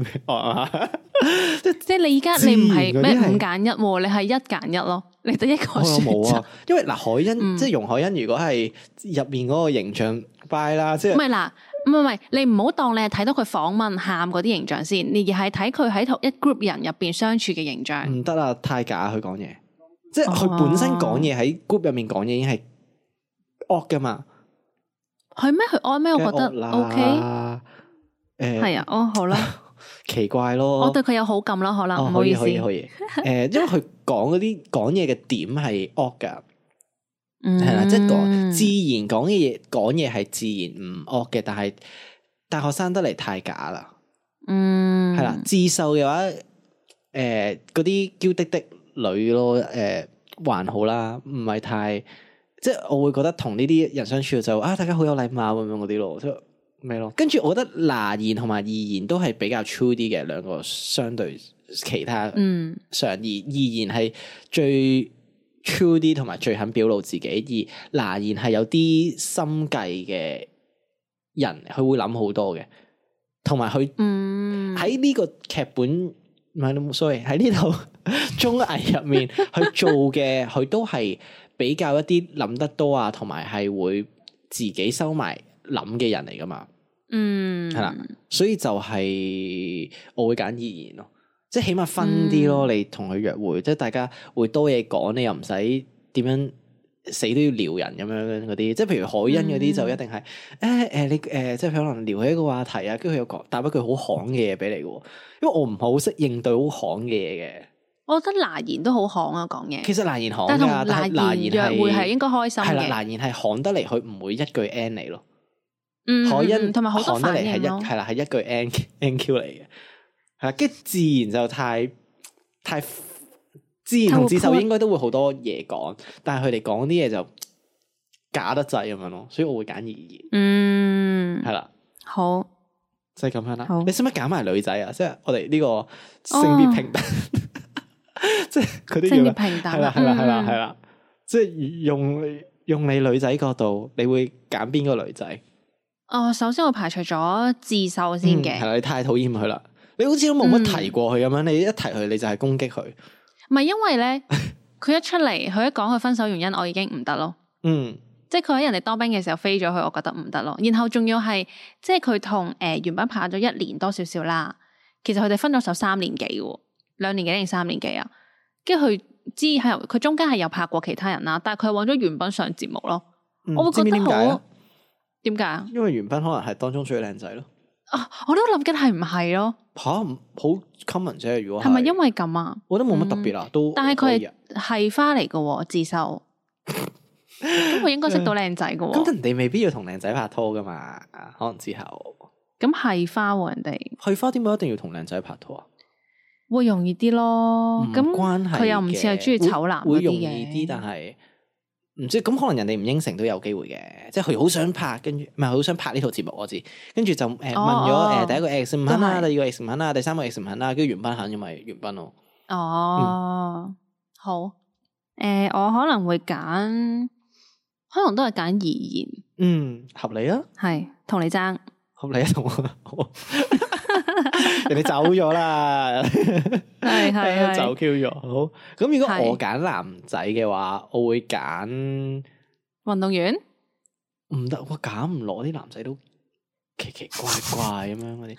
你而家你唔係咩五揀一，你係一揀一咯，你得一個冇擇。因為嗱，海欣即係容海欣，如果係入面嗰個形象拜啦，即係唔係嗱，唔係唔係，你唔好當你係睇到佢訪問喊嗰啲形象先，而係睇佢喺同一 group 人入邊相處嘅形象。唔得啦，太假！佢講嘢，即係佢本身講嘢喺 group 入面講嘢已經係惡噶嘛。佢咩？佢惡咩？我覺得 OK，誒係啊，哦好啦， 奇怪咯，我對佢有好感啦，好啦，唔、哦、好意思，誒、哦 呃，因為佢講嗰啲講嘢嘅點係惡噶，係啦、嗯，即係講自然講嘢講嘢係自然唔惡嘅，但係大學生得嚟太假啦，嗯，係啦，自受嘅話，誒嗰啲嬌滴滴女咯，誒、呃、還好啦，唔係太。即係我會覺得同呢啲人相處就啊，大家好有禮貌咁樣嗰啲咯，即係咩咯？跟住我覺得拿言同埋易言都係比較 true 啲嘅兩個相對其他，嗯，常言易言係最 true 啲，同埋最肯表露自己；而拿言係有啲心計嘅人，佢會諗好多嘅，同埋佢，嗯，喺呢個劇本唔係、嗯、，sorry，喺呢套綜藝入面去做嘅佢 都係。比較一啲諗得多啊，同埋係會自己收埋諗嘅人嚟噶嘛，嗯，係啦，所以就係我會揀依然咯，即係起碼分啲咯，嗯、你同佢約會，即係大家會多嘢講，你又唔使點樣死都要撩人咁樣嗰啲，即係譬如海欣嗰啲就一定係誒誒你誒、呃，即係可能撩起一個話題啊，跟住佢又講，答一句好寒嘅嘢俾你嘅，因為我唔係好識應對好寒嘅嘢嘅。我覺得難言都好行啊，講嘢。其實難言行，噶，但難言若會係應該開心嘅。係啦，難言係行得嚟，佢唔會一句 n d 嚟咯。嗯，可欣同埋好得嚟係一係啦，係一句 n n, n q 嚟嘅。係啦，跟自然就太太自然同自秀應該都會好多嘢講，但係佢哋講啲嘢就假得滯咁樣咯，所以我會揀易言。嗯，係啦的，好就係咁樣啦。好你使唔使揀埋女仔啊？即係我哋呢個性別平等。哦。 即係佢啲，係啦係啦係啦係啦，即係用用你女仔角度，你會揀邊個女仔？哦，首先我排除咗自秀先嘅，係、嗯、啦，你太討厭佢啦，你好似都冇乜提過佢咁樣，嗯、你一提佢你就係攻擊佢，唔係因為咧，佢 一出嚟，佢一講佢分手原因，我已經唔得咯，嗯，即係佢喺人哋當兵嘅時候飛咗佢，我覺得唔得咯，然後仲要係，即係佢同誒原本拍咗一年多少少啦，其實佢哋分咗手三年幾。兩年幾定三年幾啊？跟住佢知係佢中間係有拍過其他人啦，但係佢揾咗原品上節目咯。我會覺得我點解啊？因為原品可能係當中最靚仔咯。啊，我都諗緊係唔係咯？吓，好 common 啫。如果係咪因為咁啊？我覺得冇乜特別啊。都，但係佢係花嚟噶自修。秀，我應該識到靚仔噶。咁人哋未必要同靚仔拍拖噶嘛？可能之後咁係花喎，人哋係花，點解一定要同靚仔拍拖啊？會容易啲咯，咁佢又唔似係中意醜男嗰啲嘅，會容易啲，但係唔知咁可能人哋唔應承都有機會嘅，即係佢好想拍，跟住唔係好想拍呢套節目我知，跟住就誒、呃哦、問咗誒、呃哦、第一個 x 文啊，第二個 x 文啊，第三個 x 文啊，跟住原彬肯原，因咪原彬哦，哦、嗯、好，誒、呃、我可能會揀，可能都係揀而言，嗯合理啊，係同你爭，合理啊同 人哋 走咗啦，係係啊，走 Q 咗。好，咁，如果我揀男仔嘅話，我會揀運動員。唔得，我揀唔落啲男仔都奇奇怪怪咁樣嗰啲。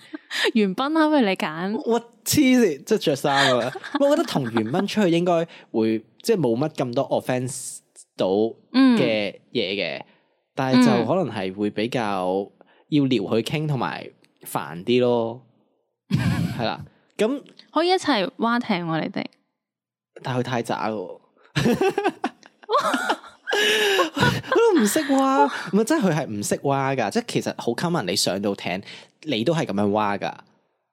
元斌可唔可以揀？我黐線，即係着衫啊！ 我覺得同元斌出去應該會即係冇乜咁多 offense 到嘅嘢嘅，但係就可能係會比較要撩去傾同埋。煩啲咯，係啦， 咁 可以一齊划艇喎、啊，你哋，但係佢太渣咯，佢都唔識划，唔係即係佢係唔識划噶，即係其實好 common，你上到艇你都係咁樣划噶，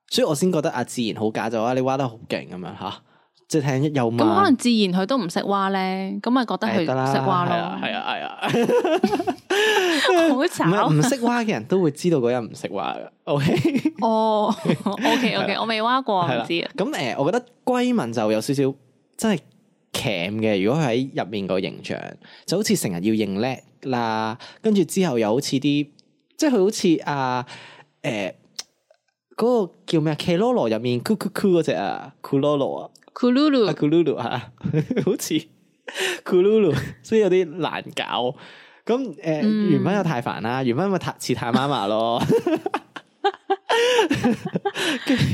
所以我先覺得阿自然好假就話、好啊，你划得好勁咁樣吓。即係又咁、嗯、可能自然佢都唔識話咧，咁咪覺得佢唔識話咯。係 勁啊係啊，好慘，唔識話嘅人都會知道嗰人唔識話嘅。O K，哦，O K O K，我未話過，唔知啊。咁誒、呃，我覺得閨蜜就有少少真係鉗嘅。如果喺入面個形象，就好似成日要認叻啦，跟住之後又好似啲，即係佢好似啊，誒、呃、嗰、嗰個叫咩啊？Keroro 入面，cool cool cool 嗰隻啊，Keroro 啊。Kululu，kululu、啊啊、 好似 kululu、啊、所以有啲難搞。咁、嗯、誒、嗯，原本又太煩啦，原本咪似太媽媽咯。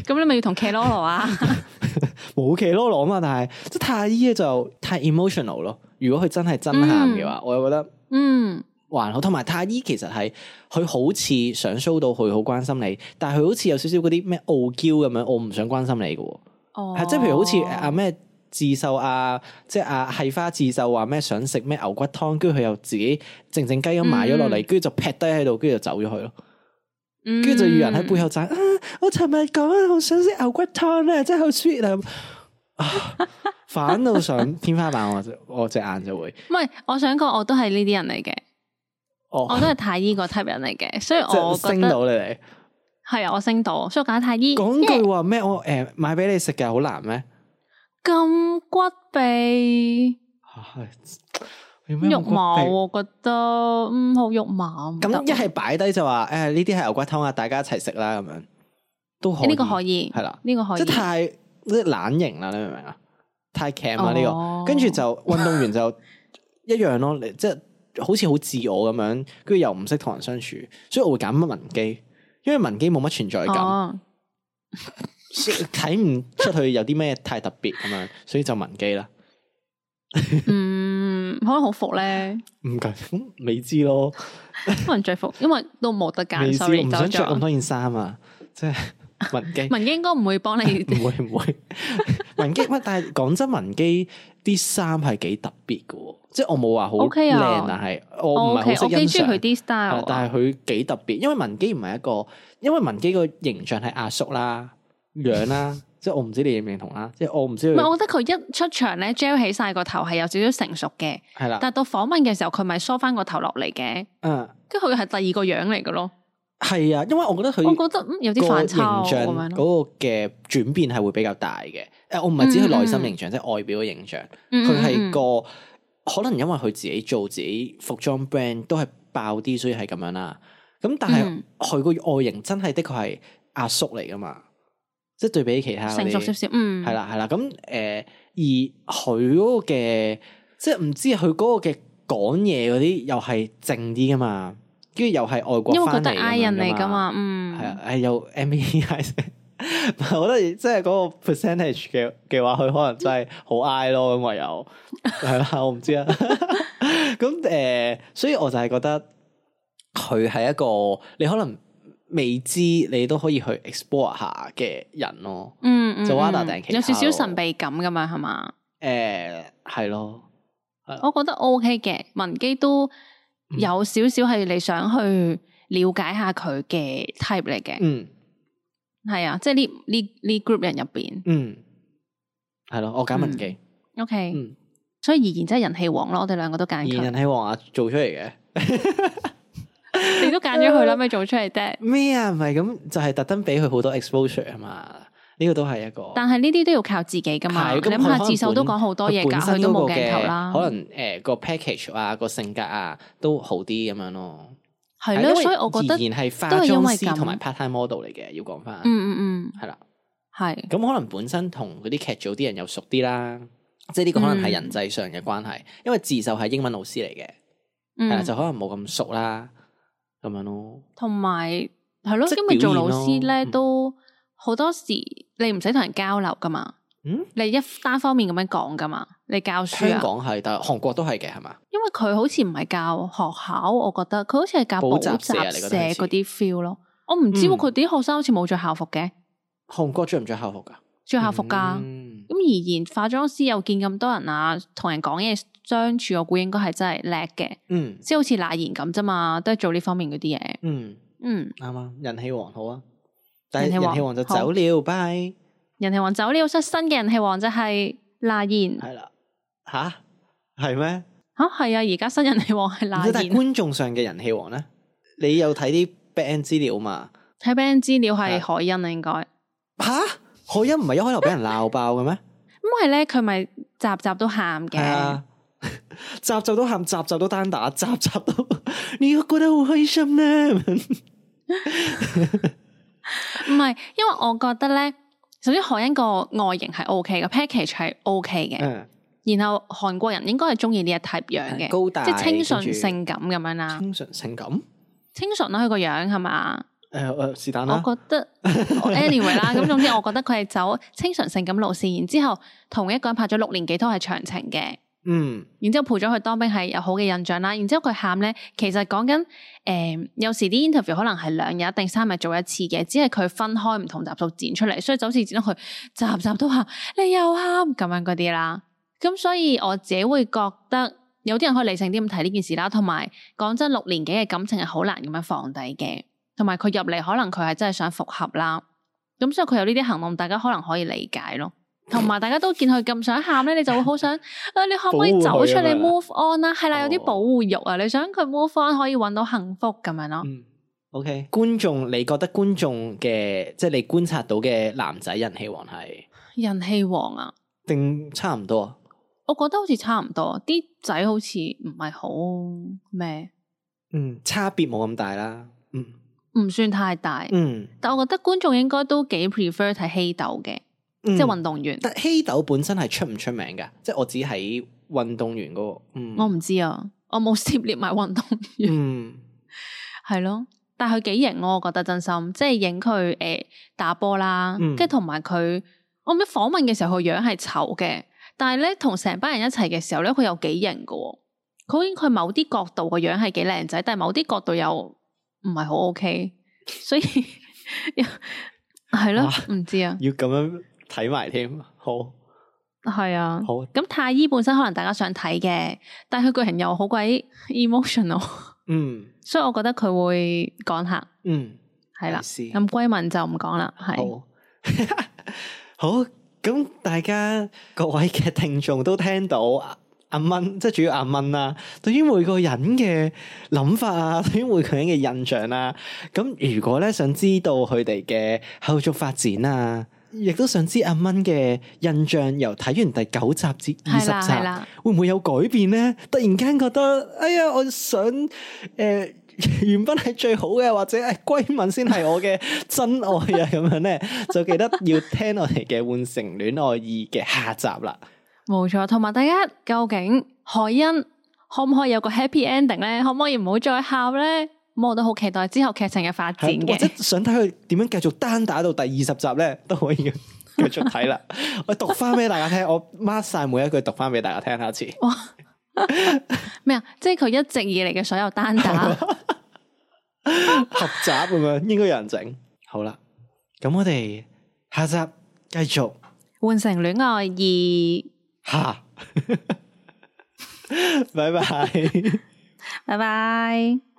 咁你咪要同 Kelolo 啊？冇 Kelolo 嘛，但係即係太醫就太 emotional 咯。如果佢真係真喊嘅話，我又覺得嗯還好。同埋太醫其實係佢好似想 show 到佢好關心你，但係佢好似有少少嗰啲咩傲嬌咁樣，我唔想關心你嘅。係、哦、即係譬如好似阿咩自秀啊，即係阿系花自秀話咩、啊、想食咩牛骨湯，跟住佢又自己靜靜雞咁買咗落嚟，跟住、嗯、就劈低喺度，跟住就走咗去咯。跟住就有人喺背後讚、嗯啊，我尋日講好想食牛骨湯啊，真係好 sweet 啊！反到上 天花板我，我隻眼就會。唔係，我想講，我都係呢啲人嚟嘅。我、哦、我都係太醫個 type 人嚟嘅，所以我升到你嚟。 係啊，我升到，所以我揀太醫。講句話咩？Yeah. 我誒、欸、買俾你食嘅好難咩？咁骨痹，咁、啊欸、肉麻、啊，我覺得嗯好肉麻。咁一係擺低就話誒呢啲係牛骨湯啊，大家一齊食啦咁樣都呢個可以係啦，呢、欸這個可以。啦可以即係太即係懶型啦，你明唔明啊？太 camp 啦呢個，跟住就運動員就一樣咯，即係 好似好自我咁樣，跟住又唔識同人相處，所以我會揀文機。因為文姬冇乜存在感，睇唔、哦、 出去有啲咩太特別咁樣，所以就文姬啦。 嗯，可能好服咧。唔緊，未、嗯、知咯。可能着服，因為都冇得揀，唔知歉想着咁多件衫啊。即係 文姬基 文基應該唔會幫你、啊，唔會唔會。會 文姬，乜？但係講真，文姬啲衫係幾特別噶。即係我冇話好靚，但係我唔係好中意佢啲 style。但係佢幾特別，因為文姬唔係一個，因為文姬個形象係阿叔啦、樣啦。即係我唔知你認唔認同啦。即係我唔知。唔係，我覺得佢一出場咧 gel 起晒個頭係有少少成熟嘅，係啦。但係到訪問嘅時候，佢咪梳翻個頭落嚟嘅。嗯，跟住佢係第二個樣嚟嘅咯。係啊，因為我覺得佢，我覺得有啲反差咁樣嗰個嘅轉變係會比較大嘅。誒，我唔係指佢內心形象，即係外表嘅形象。佢係個。可能因為佢自己做自己服裝 brand 都係爆啲，所以係咁樣啦。咁但係佢個外形真係的確係阿叔嚟噶嘛，即係對比起其他成熟少少。嗯，係啦係啦。咁誒、呃，而佢嗰個嘅即係唔知佢嗰個嘅講嘢嗰啲又係正啲噶嘛？跟住又係外國因為覺得 I 人嚟噶嘛，的嗯，係啊，係有 M E 我覺得即係嗰、那個 percentage 嘅嘅話，佢可能真係好矮咯，咁啊有係啦， 我唔知啊。咁 誒、呃，所以我就係覺得佢係一個你可能未知，你都可以去 explore 下嘅人咯。嗯，嗯，嗯，就阿有少少神秘感咁樣係嘛？誒、呃，係咯。咯咯我覺得 OK 嘅，文基都有少少係你想去了解下佢嘅 type 嚟嘅。嗯。係啊，即係呢呢呢 group 人入邊，嗯，係咯，我揀文記，OK、嗯、所以而言真係人氣王咯，我哋兩個都揀，人氣王啊，做出嚟嘅， 你都揀咗佢啦，咪 做出嚟啫？咩啊？唔係咁，就係特登俾佢好多 exposure 啊嘛。呢、這個都係一個。但係呢啲都要靠自己噶嘛，你諗下自首都講好多嘢噶，佢都冇鏡頭啦，可能誒、呃、個 package 啊個性格啊都好啲咁樣咯。係咯，所以我覺得都係因為係化妝師同埋 part time model 嚟嘅，要講翻、嗯。嗯嗯嗯，係啦的，係的。咁可能本身同嗰啲劇組啲人又熟啲啦，嗯、即係呢個可能係人際上嘅關係。因為自秀係英文老師嚟嘅，係啦、嗯，就可能冇咁熟啦，咁樣咯。同埋係咯，因為做老師咧，嗯、都好多時你唔使同人交流噶嘛。嗯，你一單方面咁樣講噶嘛？你教書，香港係，但係韓國都係嘅，係嘛？因為佢好似唔係教學校，我覺得佢好似係教補習社嗰啲 feel 咯。我唔知喎，佢啲學生好似冇着校服嘅。韓國着唔着校服噶？着校服噶。咁而然，化妝師又見咁多人啊，同人講嘢相處，我估應該係真係叻嘅。嗯，即係好似娜妍咁啫嘛，都係做呢方面嗰啲嘢。嗯嗯，啱啊！人氣王好啊，但係人氣王就走了，拜。人氣王走呢，出新嘅人氣王就係娜妍。係啦，吓係咩？吓係啊！而、啊、家、啊啊、新人氣王係娜妍。觀眾上嘅人氣王咧，你有睇啲 band 資料嘛？睇 band 資料係海恩啊，啊應該該吓、啊、海恩唔係一開頭俾人鬧爆嘅咩？咁係咧，佢咪集集都喊嘅，集是、啊、 集都喊，集集都單打，集集都，你都覺得好開心咧、啊。唔 係， 因為我覺得咧。首先，韓欣個外形係 O K 嘅，package 係 O K 嘅，OK 嗯、然後韓國人應該係中意呢一 type 樣嘅，高大即係清純性感咁樣啦。清純性感，清純咯，佢個樣係嘛？誒、呃、誒，是但啦。我覺得 anyway 啦，咁總之我覺得佢係走清純性感路線，然之後同一個人拍咗六年幾拖係長情嘅。嗯，然之後陪咗佢當兵係有好嘅印象啦，然之後佢喊咧，其實講緊誒，有時啲 interview 可能係兩日定三日做一次嘅，只係佢分開唔同集數剪出嚟，所以就好似剪到佢集集都喊，你又喊咁樣嗰啲啦。咁所以我自己會覺得有啲人可以理性啲咁睇呢件事啦。同埋講真，六年幾嘅感情係好難咁樣放低嘅，同埋佢入嚟可能佢係真係想復合啦。咁所以佢有呢啲行動，大家可能可以理解咯。同埋大家都見佢咁想喊咧， 你就會好想，誒、 啊，你可唔可以走出嚟 move on 啦、啊？係啦，有啲保護欲啊，你想佢 move on 可以搵到幸福咁樣咯。嗯、o、okay、k 觀眾你覺得觀眾嘅即係你觀察到嘅男仔人氣王係人氣王啊？定差唔多啊？我覺得好似差唔多，啲仔好似唔係好咩？嗯，差別冇咁大啦。嗯，唔算太大。嗯，但我覺得觀眾應該都幾 prefer 睇希豆嘅。即係運動員、嗯，但希豆本身係出唔出名嘅，即係我只喺運動員嗰個，嗯、我唔知啊，我冇涉獵埋運動員，係咯、嗯， 但係佢幾型咯，我覺得真心，即係影佢誒打波啦，跟住同埋佢，我唔知訪問嘅時候佢樣係醜嘅，但係咧同成班人一齊嘅時候咧，佢又幾型嘅，佢好似佢某啲角度個樣係幾靚仔，但係某啲角度又唔係好 OK，所以係咯，唔 了知啊，要咁這樣。 睇埋添，好係啊，好咁太醫本身可能大家想睇嘅，但係佢個人又好鬼 emotional，嗯， 所以我覺得佢會講下，嗯係啦，咁歸、啊、四文就唔講啦，係好咁 大家各位嘅聽眾都聽到阿蚊、啊，即係主要阿蚊啦，對於每個人嘅諗法啊，對於每個人嘅印象啦、啊，咁如果咧想知道佢哋嘅後續發展啊。亦都想知阿蚊嘅印象由睇完第九集至二十集，會唔會有改變呢？突然間覺得，哎呀，我想誒，原彬係最好嘅，或者係閨文先係我嘅真愛啊！咁 樣呢，就記得要聽我哋嘅《換乘戀愛二》嘅下集啦。冇錯，同埋大家究竟海恩可唔可以有個 happy ending 咧？可唔可以唔好再喊咧？我都好期待之後劇情嘅發展嘅，啊，即係想睇佢點樣繼續單打到第二十集咧，都可以繼續睇啦。 我讀翻俾大家聽，我 mark 晒每一句讀翻俾大家聽一次。哇！咩啊？即係佢一直以嚟嘅所有單打 合集咁樣，應該有人整。 好啦，咁我哋下集繼續換乘戀愛二。吓！拜拜拜拜。